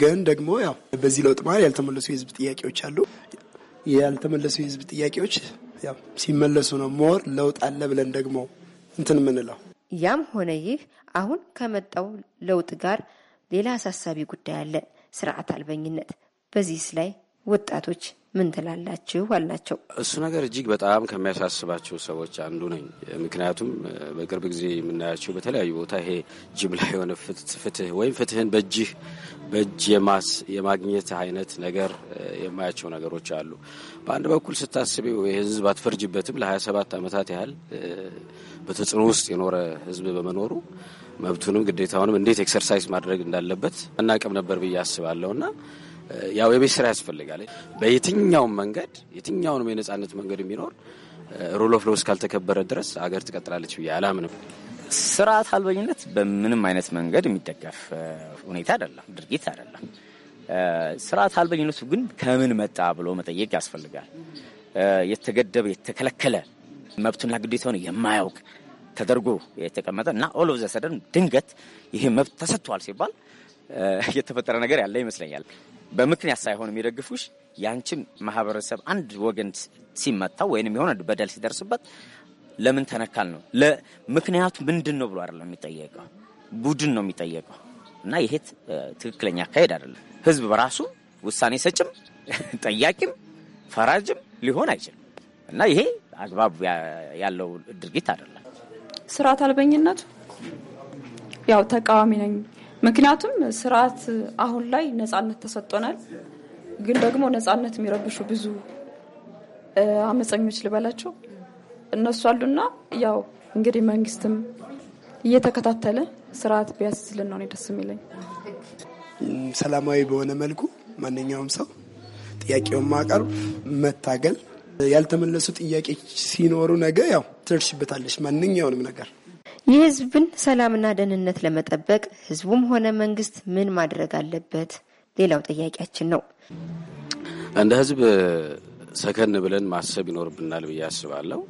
ግን ደግሞ ያው በዚህ ለውጥ መሀል ያልተመለሱ የህዝብ ጥያቄዎች አሉ። ያልተመለሱ የህዝብ ጥያቄዎች ያው ሲመለሱ ነው ሞር ለውጥ አለ ብለን ደግሞ እንትን የምንለው። ያም ሆነ ይህ አሁን ከመጣው ለውጥ ጋር ሌላ አሳሳቢ ጉዳይ አለ፣ ስርዓት አልበኝነት። በዚህስ ላይ ወጣቶች ምን ትላላችሁ አላቸው። እሱ ነገር እጅግ በጣም ከሚያሳስባቸው ሰዎች አንዱ ነኝ። ምክንያቱም በቅርብ ጊዜ የምናያቸው በተለያዩ ቦታ ይሄ ጅምላ የሆነ ፍትህ ወይም ፍትህን በእጅህ በእጅ የማግኘት አይነት ነገር የማያቸው ነገሮች አሉ። በአንድ በኩል ስታስቢው ህዝብ አትፈርጅበትም። ለ27 ዓመታት ያህል በተጽዕኖ ውስጥ የኖረ ህዝብ በመኖሩ መብቱንም ግዴታውንም እንዴት ኤክሰርሳይዝ ማድረግ እንዳለበት አናቅም ነበር ብዬ አስባለሁ እና ያው የቤት ስራ ያስፈልጋል። በየትኛውም መንገድ የትኛውንም የነጻነት መንገድ የሚኖር ሩል ኦፍ ሎው እስካልተከበረ ድረስ አገር ትቀጥላለች ብዬ አላምንም። ስርዓት አልበኝነት በምንም አይነት መንገድ የሚደገፍ ሁኔታ አይደለም፣ ድርጊት አይደለም። ስርዓት አልበኝነቱ ግን ከምን መጣ ብሎ መጠየቅ ያስፈልጋል። የተገደበ የተከለከለ መብቱና ግዴታውን የማያውቅ ተደርጎ የተቀመጠ እና ኦል ኦፍ ዘ ሰደን ድንገት ይህ መብት ተሰጥቷል ሲባል የተፈጠረ ነገር ያለ ይመስለኛል። በምክንያት ሳይሆን የሚደግፉሽ ያንቺን ማህበረሰብ አንድ ወገን ሲመታው ወይንም የሆነ በደል ሲደርስበት ለምን ተነካል ነው ምክንያቱ ምንድን ነው ብሎ አይደለም የሚጠየቀው፣ ቡድን ነው የሚጠየቀው። እና ይሄ ትክክለኛ አካሄድ አይደለም። ህዝብ በራሱ ውሳኔ ሰጭም [laughs] ጠያቂም ፈራጅም ሊሆን አይችልም። እና ይሄ አግባብ ያለው ድርጊት አይደለም። ስርዓት አልበኝነቱ ያው ተቃዋሚ ነኝ ምክንያቱም ስርዓት አሁን ላይ ነጻነት ተሰጥቶናል፣ ግን ደግሞ ነጻነት የሚረብሹ ብዙ አመፀኞች ልበላቸው እነሱ አሉና ያው እንግዲህ መንግስትም እየተከታተለ ስርዓት ቢያስዝልን ነው ደስ የሚለኝ። ሰላማዊ በሆነ መልኩ ማንኛውም ሰው ጥያቄውን ማቀርብ መታገል፣ ያልተመለሱ ጥያቄ ሲኖሩ ነገ ያው ትደርሽበታለች ማንኛውንም ነገር የህዝብን ሰላምና ደህንነት ለመጠበቅ ህዝቡም ሆነ መንግስት ምን ማድረግ አለበት? ሌላው ጥያቄያችን ነው። እንደ ህዝብ ሰከን ብለን ማሰብ ይኖርብናል ብዬ አስባለሁ።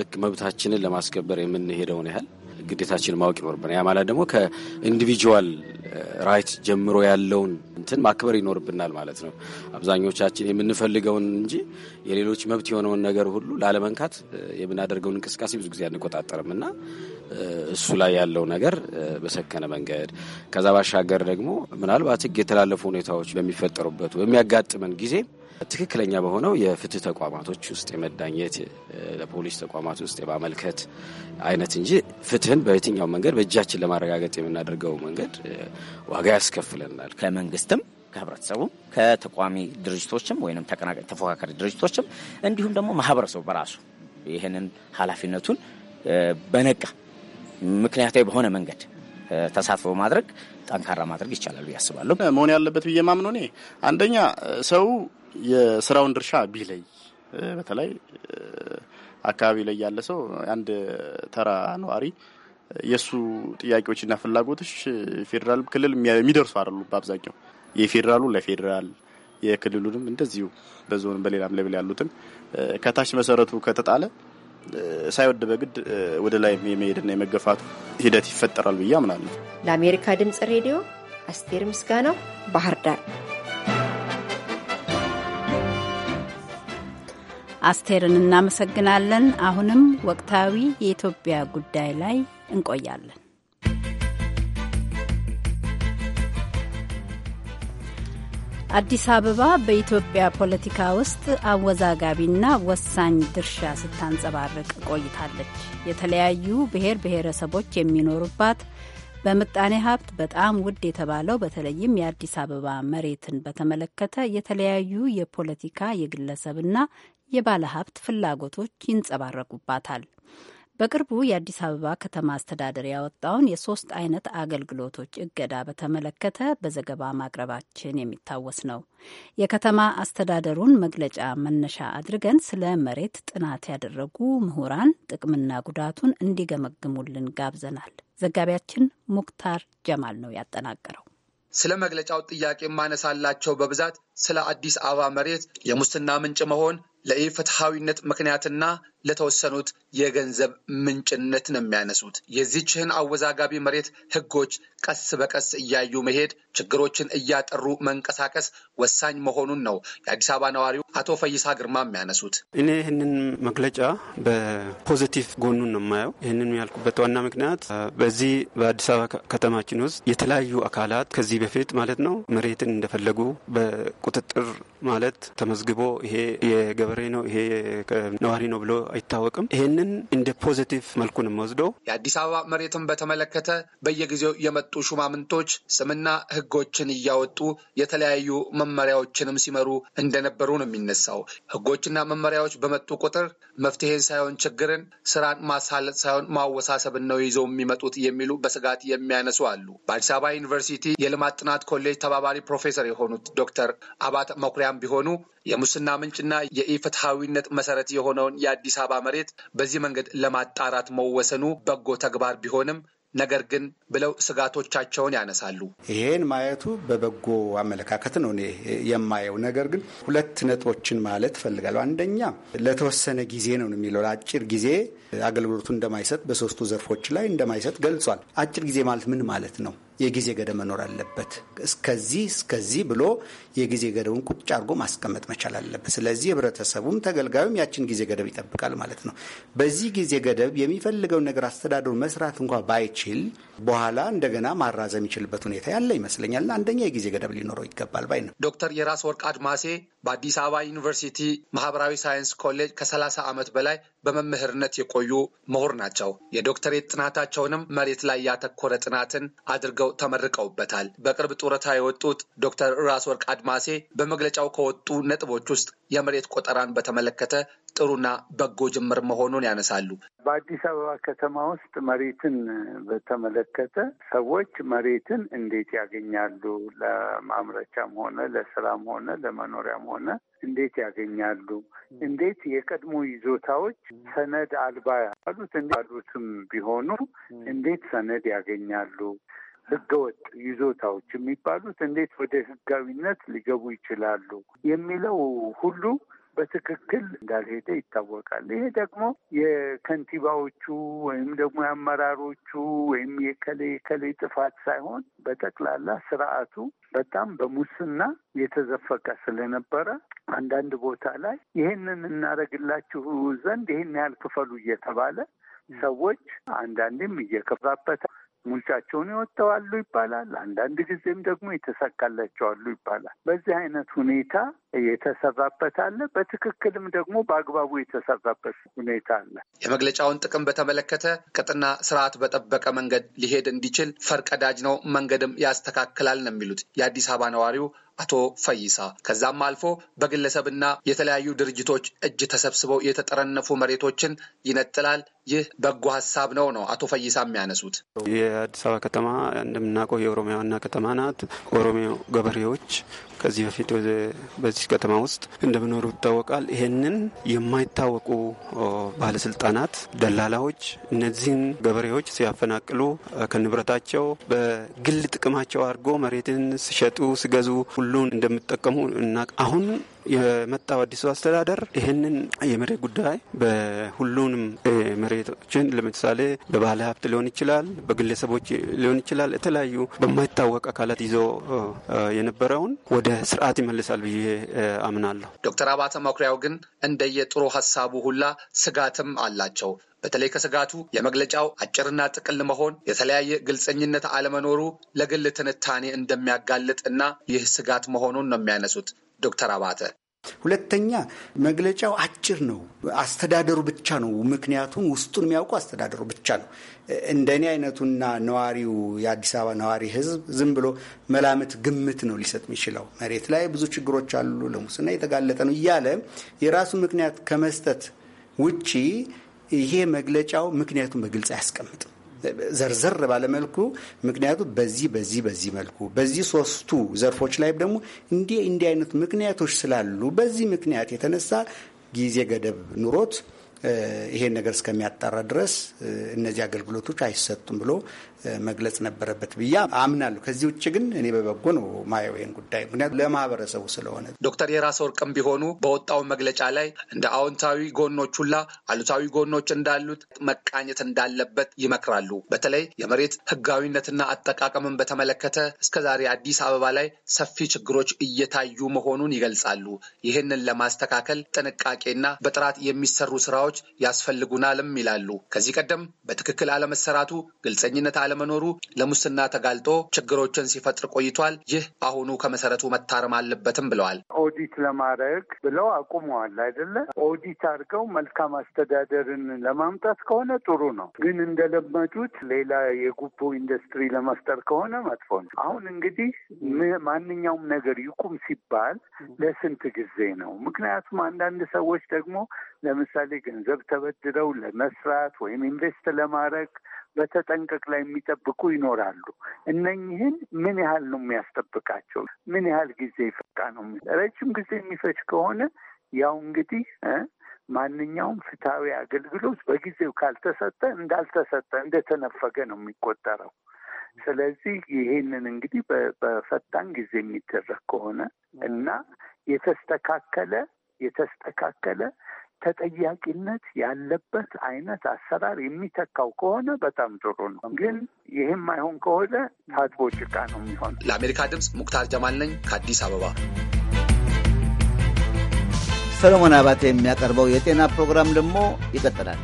ልክ መብታችንን ለማስከበር የምንሄደውን ያህል ግዴታችን ማወቅ ይኖርብናል። ያ ማለት ደግሞ ከኢንዲቪጁዋል ራይት ጀምሮ ያለውን እንትን ማክበር ይኖርብናል ማለት ነው። አብዛኞቻችን የምንፈልገውን እንጂ የሌሎች መብት የሆነውን ነገር ሁሉ ላለመንካት የምናደርገውን እንቅስቃሴ ብዙ ጊዜ አንቆጣጠርም እና እሱ ላይ ያለው ነገር በሰከነ መንገድ ከዛ ባሻገር ደግሞ ምናልባት ሕግ የተላለፉ ሁኔታዎች በሚፈጠሩበት በሚያጋጥመን ጊዜ ትክክለኛ በሆነው የፍትህ ተቋማቶች ውስጥ የመዳኘት ለፖሊስ ተቋማት ውስጥ የማመልከት አይነት እንጂ ፍትህን በየትኛው መንገድ በእጃችን ለማረጋገጥ የምናደርገው መንገድ ዋጋ ያስከፍለናል። ከመንግስትም ከህብረተሰቡ ከተቋሚ ድርጅቶችም ወይም ተፎካካሪ ድርጅቶችም እንዲሁም ደግሞ ማህበረሰቡ በራሱ ይህንን ኃላፊነቱን በነቃ ምክንያታዊ በሆነ መንገድ ተሳትፎ ማድረግ ጠንካራ ማድረግ ይቻላል ብዬ አስባለሁ። መሆን ያለበት ብዬ ማምኖ እኔ አንደኛ ሰው የስራውን ድርሻ ቢለይ በተለይ አካባቢ ላይ ያለ ሰው አንድ ተራ ነዋሪ የእሱ ጥያቄዎችና ፍላጎቶች ፌዴራል ክልል የሚደርሱ አይደሉም። በአብዛኛው የፌዴራሉ ለፌዴራል የክልሉንም እንደዚሁ በዞን በሌላም ሌብል ያሉትን ከታች መሰረቱ ከተጣለ ሳይወድ በግድ ወደ ላይ የመሄድና የመገፋቱ ሂደት ይፈጠራል ብዬ አምናለሁ። ለአሜሪካ ድምጽ ሬዲዮ አስቴር ምስጋናው ባህር ዳር አስቴርን እናመሰግናለን። አሁንም ወቅታዊ የኢትዮጵያ ጉዳይ ላይ እንቆያለን። አዲስ አበባ በኢትዮጵያ ፖለቲካ ውስጥ አወዛጋቢና ወሳኝ ድርሻ ስታንጸባርቅ ቆይታለች። የተለያዩ ብሔር ብሔረሰቦች የሚኖሩባት በምጣኔ ሀብት በጣም ውድ የተባለው በተለይም የአዲስ አበባ መሬትን በተመለከተ የተለያዩ የፖለቲካ የግለሰብና የባለሀብት ፍላጎቶች ይንጸባረቁባታል። በቅርቡ የአዲስ አበባ ከተማ አስተዳደር ያወጣውን የሶስት አይነት አገልግሎቶች እገዳ በተመለከተ በዘገባ ማቅረባችን የሚታወስ ነው። የከተማ አስተዳደሩን መግለጫ መነሻ አድርገን ስለ መሬት ጥናት ያደረጉ ምሁራን ጥቅምና ጉዳቱን እንዲገመግሙልን ጋብዘናል። ዘጋቢያችን ሙክታር ጀማል ነው ያጠናቀረው። ስለ መግለጫው ጥያቄ ማነሳላቸው በብዛት ስለ አዲስ አበባ መሬት የሙስና ምንጭ መሆን ለኢፍትሐዊነት ምክንያትና ለተወሰኑት የገንዘብ ምንጭነት ነው የሚያነሱት። የዚችህን አወዛጋቢ መሬት ህጎች ቀስ በቀስ እያዩ መሄድ፣ ችግሮችን እያጠሩ መንቀሳቀስ ወሳኝ መሆኑን ነው የአዲስ አበባ ነዋሪው አቶ ፈይሳ ግርማ የሚያነሱት። እኔ ይህንን መግለጫ በፖዚቲቭ ጎኑን ነው የማየው። ይህንን ያልኩበት ዋና ምክንያት በዚህ በአዲስ አበባ ከተማችን ውስጥ የተለያዩ አካላት ከዚህ በፊት ማለት ነው መሬትን እንደፈለጉ በቁጥጥር ማለት ተመዝግቦ ይሄ የገ ገበሬ ነው ይሄ ነዋሪ ነው ብሎ አይታወቅም። ይሄንን እንደ ፖዘቲቭ መልኩን ነው የአዲስ አበባ መሬትን በተመለከተ በየጊዜው የመጡ ሹማምንቶች ስምና ህጎችን እያወጡ የተለያዩ መመሪያዎችንም ሲመሩ እንደነበሩ ነው የሚነሳው። ህጎችና መመሪያዎች በመጡ ቁጥር መፍትሄን ሳይሆን ችግርን፣ ስራን ማሳለጥ ሳይሆን ማወሳሰብን ነው ይዘው የሚመጡት የሚሉ በስጋት የሚያነሱ አሉ። በአዲስ አበባ ዩኒቨርሲቲ የልማት ጥናት ኮሌጅ ተባባሪ ፕሮፌሰር የሆኑት ዶክተር አባተ መኩሪያም ቢሆኑ የሙስና ምንጭና የኢ ፍትሐዊነት መሰረት የሆነውን የአዲስ አበባ መሬት በዚህ መንገድ ለማጣራት መወሰኑ በጎ ተግባር ቢሆንም ነገር ግን ብለው ስጋቶቻቸውን ያነሳሉ። ይሄን ማየቱ በበጎ አመለካከት ነው እኔ የማየው። ነገር ግን ሁለት ነጥቦችን ማለት እፈልጋለሁ። አንደኛ ለተወሰነ ጊዜ ነው የሚለው አጭር ጊዜ አገልግሎቱ እንደማይሰጥ በሶስቱ ዘርፎች ላይ እንደማይሰጥ ገልጿል። አጭር ጊዜ ማለት ምን ማለት ነው? የጊዜ ገደብ መኖር አለበት። እስከዚህ እስከዚህ ብሎ የጊዜ ገደቡን ቁጭ አድርጎ ማስቀመጥ መቻል አለበት። ስለዚህ ህብረተሰቡም ተገልጋዩም ያችን ጊዜ ገደብ ይጠብቃል ማለት ነው። በዚህ ጊዜ ገደብ የሚፈልገውን ነገር አስተዳደሩ መስራት እንኳ ባይችል በኋላ እንደገና ማራዘም ይችልበት ሁኔታ ያለ ይመስለኛል። አንደኛ የጊዜ ገደብ ሊኖረው ይገባል ባይ ነው። ዶክተር የራስ ወርቅ አድማሴ በአዲስ አበባ ዩኒቨርሲቲ ማህበራዊ ሳይንስ ኮሌጅ ከሰላሳ ዓመት በላይ በመምህርነት የቆዩ ምሁር ናቸው። የዶክተሬት ጥናታቸውንም መሬት ላይ ያተኮረ ጥናትን አድርገው ተመርቀውበታል። በቅርብ ጡረታ የወጡት ዶክተር ራስ ወርቅ አድማሴ በመግለጫው ከወጡ ነጥቦች ውስጥ የመሬት ቆጠራን በተመለከተ ጥሩና በጎ ጅምር መሆኑን ያነሳሉ። በአዲስ አበባ ከተማ ውስጥ መሬትን በተመለከተ ሰዎች መሬትን እንዴት ያገኛሉ? ለማምረቻም ሆነ ለስራም ሆነ ለመኖሪያም ሆነ እንዴት ያገኛሉ? እንዴት የቀድሞ ይዞታዎች ሰነድ አልባ ያሉት ባሉትም ቢሆኑ እንዴት ሰነድ ያገኛሉ? ህገወጥ ይዞታዎች የሚባሉት እንዴት ወደ ህጋዊነት ሊገቡ ይችላሉ የሚለው ሁሉ በትክክል እንዳልሄደ ይታወቃል። ይሄ ደግሞ የከንቲባዎቹ ወይም ደግሞ የአመራሮቹ ወይም የከሌ የከሌ ጥፋት ሳይሆን በጠቅላላ ስርዓቱ በጣም በሙስና የተዘፈቀ ስለነበረ አንዳንድ ቦታ ላይ ይህንን እናደርግላችሁ ዘንድ ይህን ያህል ክፈሉ እየተባለ ሰዎች አንዳንዴም እየከፋበት ሙልቻቸውን ይወጥተዋሉ ይባላል። አንዳንድ ጊዜም ደግሞ የተሳካላቸዋሉ ይባላል። በዚህ አይነት ሁኔታ የተሰራበት አለ። በትክክልም ደግሞ በአግባቡ የተሰራበት ሁኔታ አለ። የመግለጫውን ጥቅም በተመለከተ ቅጥና ስርዓት በጠበቀ መንገድ ሊሄድ እንዲችል ፈርቀዳጅ ነው፣ መንገድም ያስተካክላል ነው የሚሉት የአዲስ አበባ ነዋሪው አቶ ፈይሳ ከዛም አልፎ በግለሰብና የተለያዩ ድርጅቶች እጅ ተሰብስበው የተጠረነፉ መሬቶችን ይነጥላል። ይህ በጎ ሀሳብ ነው ነው አቶ ፈይሳ የሚያነሱት። የአዲስ አበባ ከተማ እንደምናውቀው የኦሮሚያ ዋና ከተማ ናት። ኦሮሚያ ገበሬዎች ከዚህ በፊት በዚህ ከተማ ውስጥ እንደምኖሩ ይታወቃል። ይሄንን የማይታወቁ ባለስልጣናት፣ ደላላዎች እነዚህን ገበሬዎች ሲያፈናቅሉ ከንብረታቸው በግል ጥቅማቸው አድርጎ መሬትን ሲሸጡ ሲገዙ ሁሉን እንደምጠቀሙ እና አሁን የመጣው አዲሱ አስተዳደር ይህንን የመሬት ጉዳይ በሁሉንም መሬቶችን ለምሳሌ በባለ ሀብት ሊሆን ይችላል፣ በግለሰቦች ሊሆን ይችላል፣ የተለያዩ በማይታወቅ አካላት ይዞ የነበረውን ወደ ስርዓት ይመልሳል ብዬ አምናለሁ። ዶክተር አባተ መኩሪያው ግን እንደየጥሩ ሀሳቡ ሁላ ስጋትም አላቸው። በተለይ ከስጋቱ የመግለጫው አጭርና ጥቅል መሆን የተለያየ ግልጸኝነት አለመኖሩ ለግል ትንታኔ እንደሚያጋልጥ እና ይህ ስጋት መሆኑን ነው የሚያነሱት። ዶክተር አባተ? ሁለተኛ መግለጫው አጭር ነው። አስተዳደሩ ብቻ ነው ምክንያቱም ውስጡን የሚያውቁ አስተዳደሩ ብቻ ነው። እንደኔ አይነቱና ነዋሪው የአዲስ አበባ ነዋሪ ህዝብ ዝም ብሎ መላምት፣ ግምት ነው ሊሰጥ የሚችለው። መሬት ላይ ብዙ ችግሮች አሉ፣ ለሙስና የተጋለጠ ነው እያለ የራሱ ምክንያት ከመስጠት ውጪ ይሄ መግለጫው ምክንያቱን በግልጽ አያስቀምጥም። ዘርዘር ባለመልኩ ምክንያቱ በዚህ በዚህ በዚህ መልኩ በዚህ ሶስቱ ዘርፎች ላይ ደግሞ እንዲህ እንዲህ አይነት ምክንያቶች ስላሉ በዚህ ምክንያት የተነሳ ጊዜ ገደብ ኑሮት ይሄን ነገር እስከሚያጣራ ድረስ እነዚህ አገልግሎቶች አይሰጡም ብሎ መግለጽ ነበረበት ብዬ አምናለሁ። ከዚህ ውጭ ግን እኔ በበጎ ነው ማየው ይህን ጉዳይ ምክንያቱ ለማህበረሰቡ ስለሆነ። ዶክተር የራስ ወርቅም ቢሆኑ በወጣው መግለጫ ላይ እንደ አዎንታዊ ጎኖች ሁላ አሉታዊ ጎኖች እንዳሉት መቃኘት እንዳለበት ይመክራሉ። በተለይ የመሬት ህጋዊነትና አጠቃቀምን በተመለከተ እስከዛሬ አዲስ አበባ ላይ ሰፊ ችግሮች እየታዩ መሆኑን ይገልጻሉ። ይህንን ለማስተካከል ጥንቃቄና በጥራት የሚሰሩ ስራዎች ያስፈልጉናልም ይላሉ። ከዚህ ቀደም በትክክል አለመሰራቱ ግልጸኝነት አለመኖሩ ለሙስና ተጋልጦ ችግሮችን ሲፈጥር ቆይቷል። ይህ አሁኑ ከመሰረቱ መታረም አለበትም ብለዋል። ኦዲት ለማድረግ ብለው አቁመዋል አይደለ? ኦዲት አድርገው መልካም አስተዳደርን ለማምጣት ከሆነ ጥሩ ነው፣ ግን እንደለመዱት ሌላ የጉቦ ኢንዱስትሪ ለመፍጠር ከሆነ መጥፎ ነው። አሁን እንግዲህ ማንኛውም ነገር ይቁም ሲባል ለስንት ጊዜ ነው? ምክንያቱም አንዳንድ ሰዎች ደግሞ ለምሳሌ ገንዘብ ተበድረው ለመስራት ወይም ኢንቨስት ለማድረግ በተጠንቀቅ ላይ የሚጠብቁ ይኖራሉ። እነኝህን ምን ያህል ነው የሚያስጠብቃቸው? ምን ያህል ጊዜ ይፈቃ ነው? ረጅም ጊዜ የሚፈጅ ከሆነ ያው እንግዲህ ማንኛውም ፍትሐዊ አገልግሎት በጊዜው ካልተሰጠ እንዳልተሰጠ እንደተነፈገ ነው የሚቆጠረው። ስለዚህ ይሄንን እንግዲህ በፈጣን ጊዜ የሚደረግ ከሆነ እና የተስተካከለ የተስተካከለ ተጠያቂነት ያለበት አይነት አሰራር የሚተካው ከሆነ በጣም ጥሩ ነው። ግን ይህም አይሆን ከሆነ ታጥቦ ጭቃ ነው የሚሆን። ለአሜሪካ ድምፅ ሙክታር ጀማል ነኝ ከአዲስ አበባ። ሰለሞን አባቴ የሚያቀርበው የጤና ፕሮግራም ደግሞ ይቀጥላል።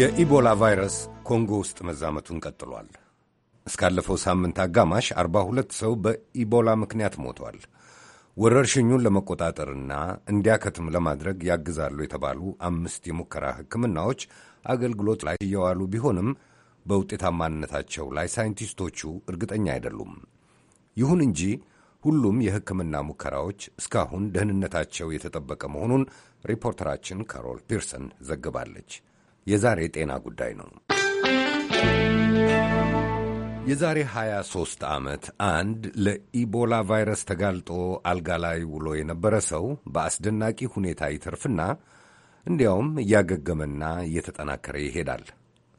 የኢቦላ ቫይረስ ኮንጎ ውስጥ መዛመቱን ቀጥሏል። እስካለፈው ሳምንት አጋማሽ አርባ ሁለት ሰው በኢቦላ ምክንያት ሞቷል። ወረርሽኙን ለመቆጣጠርና እንዲያከትም ለማድረግ ያግዛሉ የተባሉ አምስት የሙከራ ሕክምናዎች አገልግሎት ላይ እየዋሉ ቢሆንም በውጤታማነታቸው ላይ ሳይንቲስቶቹ እርግጠኛ አይደሉም። ይሁን እንጂ ሁሉም የሕክምና ሙከራዎች እስካሁን ደህንነታቸው የተጠበቀ መሆኑን ሪፖርተራችን ካሮል ፒርሰን ዘግባለች። የዛሬ ጤና ጉዳይ ነው። የዛሬ 23 ዓመት አንድ ለኢቦላ ቫይረስ ተጋልጦ አልጋ ላይ ውሎ የነበረ ሰው በአስደናቂ ሁኔታ ይተርፍና እንዲያውም እያገገመና እየተጠናከረ ይሄዳል።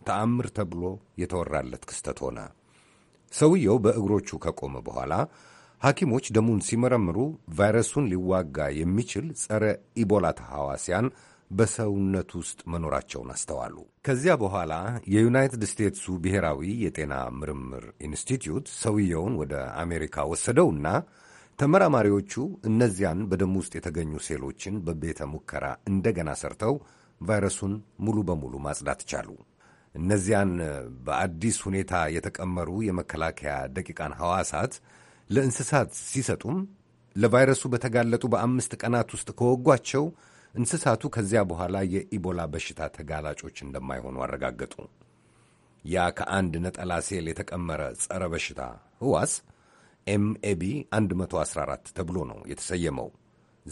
ተአምር ተብሎ የተወራለት ክስተት ሆነ። ሰውየው በእግሮቹ ከቆመ በኋላ ሐኪሞች ደሙን ሲመረምሩ ቫይረሱን ሊዋጋ የሚችል ጸረ ኢቦላ ተሐዋስያን በሰውነት ውስጥ መኖራቸውን አስተዋሉ። ከዚያ በኋላ የዩናይትድ ስቴትሱ ብሔራዊ የጤና ምርምር ኢንስቲትዩት ሰውየውን ወደ አሜሪካ ወሰደውና ተመራማሪዎቹ እነዚያን በደም ውስጥ የተገኙ ሴሎችን በቤተ ሙከራ እንደገና ሰርተው ቫይረሱን ሙሉ በሙሉ ማጽዳት ቻሉ። እነዚያን በአዲስ ሁኔታ የተቀመሩ የመከላከያ ደቂቃን ሐዋሳት ለእንስሳት ሲሰጡም ለቫይረሱ በተጋለጡ በአምስት ቀናት ውስጥ ከወጓቸው እንስሳቱ ከዚያ በኋላ የኢቦላ በሽታ ተጋላጮች እንደማይሆኑ አረጋገጡ። ያ ከአንድ ነጠላ ሴል የተቀመረ ጸረ በሽታ ህዋስ ኤምኤቢ 114 ተብሎ ነው የተሰየመው።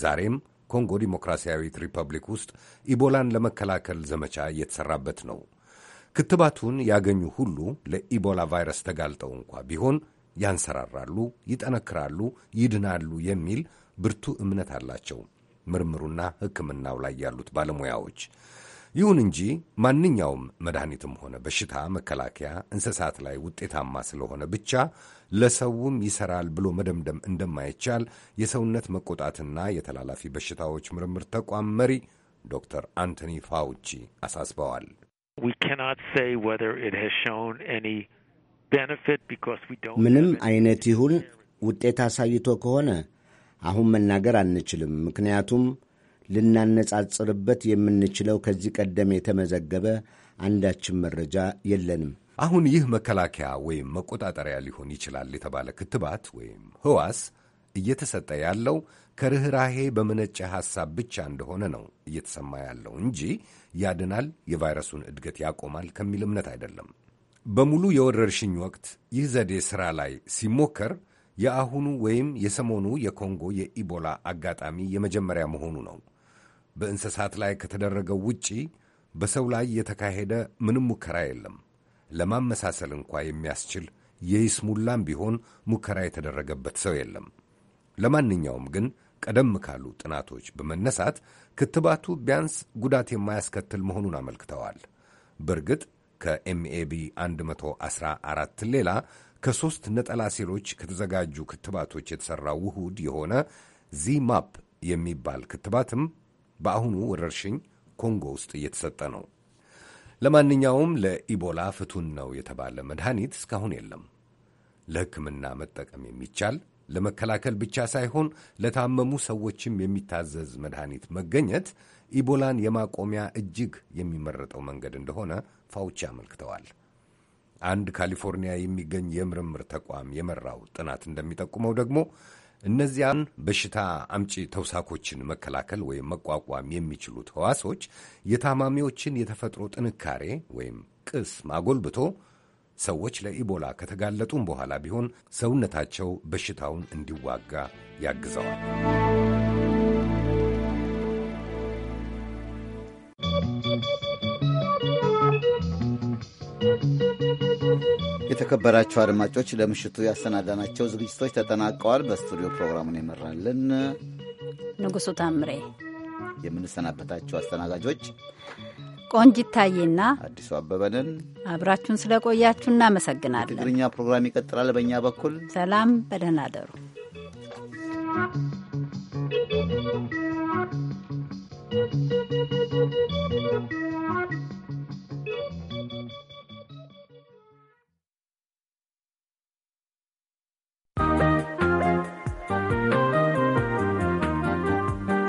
ዛሬም ኮንጎ ዲሞክራሲያዊት ሪፐብሊክ ውስጥ ኢቦላን ለመከላከል ዘመቻ እየተሰራበት ነው። ክትባቱን ያገኙ ሁሉ ለኢቦላ ቫይረስ ተጋልጠው እንኳ ቢሆን ያንሰራራሉ፣ ይጠነክራሉ፣ ይድናሉ የሚል ብርቱ እምነት አላቸው። ምርምሩና ሕክምናው ላይ ያሉት ባለሙያዎች። ይሁን እንጂ ማንኛውም መድኃኒትም ሆነ በሽታ መከላከያ እንስሳት ላይ ውጤታማ ስለሆነ ብቻ ለሰውም ይሰራል ብሎ መደምደም እንደማይቻል የሰውነት መቆጣትና የተላላፊ በሽታዎች ምርምር ተቋም መሪ ዶክተር አንቶኒ ፋውቺ አሳስበዋል። ምንም አይነት ይሁን ውጤት አሳይቶ ከሆነ አሁን መናገር አንችልም፣ ምክንያቱም ልናነጻጽርበት የምንችለው ከዚህ ቀደም የተመዘገበ አንዳችም መረጃ የለንም። አሁን ይህ መከላከያ ወይም መቆጣጠሪያ ሊሆን ይችላል የተባለ ክትባት ወይም ህዋስ እየተሰጠ ያለው ከርኅራሄ በመነጨ ሐሳብ ብቻ እንደሆነ ነው እየተሰማ ያለው እንጂ ያድናል፣ የቫይረሱን እድገት ያቆማል ከሚል እምነት አይደለም። በሙሉ የወረርሽኝ ወቅት ይህ ዘዴ ሥራ ላይ ሲሞከር የአሁኑ ወይም የሰሞኑ የኮንጎ የኢቦላ አጋጣሚ የመጀመሪያ መሆኑ ነው። በእንስሳት ላይ ከተደረገው ውጪ በሰው ላይ የተካሄደ ምንም ሙከራ የለም። ለማመሳሰል እንኳ የሚያስችል የይስሙላም ቢሆን ሙከራ የተደረገበት ሰው የለም። ለማንኛውም ግን ቀደም ካሉ ጥናቶች በመነሳት ክትባቱ ቢያንስ ጉዳት የማያስከትል መሆኑን አመልክተዋል። በእርግጥ ከኤምኤቢ 114 ሌላ ከሦስት ነጠላ ሴሎች ከተዘጋጁ ክትባቶች የተሠራ ውሁድ የሆነ ዚማፕ የሚባል ክትባትም በአሁኑ ወረርሽኝ ኮንጎ ውስጥ እየተሰጠ ነው። ለማንኛውም ለኢቦላ ፍቱን ነው የተባለ መድኃኒት እስካሁን የለም። ለሕክምና መጠቀም የሚቻል ለመከላከል ብቻ ሳይሆን ለታመሙ ሰዎችም የሚታዘዝ መድኃኒት መገኘት ኢቦላን የማቆሚያ እጅግ የሚመረጠው መንገድ እንደሆነ ፋውቺ አመልክተዋል። አንድ ካሊፎርኒያ የሚገኝ የምርምር ተቋም የመራው ጥናት እንደሚጠቁመው ደግሞ እነዚያን በሽታ አምጪ ተውሳኮችን መከላከል ወይም መቋቋም የሚችሉት ህዋሶች የታማሚዎችን የተፈጥሮ ጥንካሬ ወይም ቅስ ማጎልብቶ ሰዎች ለኢቦላ ከተጋለጡም በኋላ ቢሆን ሰውነታቸው በሽታውን እንዲዋጋ ያግዘዋል። የተከበራችሁ አድማጮች ለምሽቱ ያሰናዳናቸው ዝግጅቶች ተጠናቀዋል። በስቱዲዮ ፕሮግራሙን የመራልን ንጉሱ ታምሬ፣ የምንሰናበታቸው አስተናጋጆች ቆንጂት ታዬና አዲሱ አበበንን። አብራችሁን ስለቆያችሁ እናመሰግናለን። ትግርኛ ፕሮግራም ይቀጥላል። በእኛ በኩል ሰላም፣ በደህና አደሩ።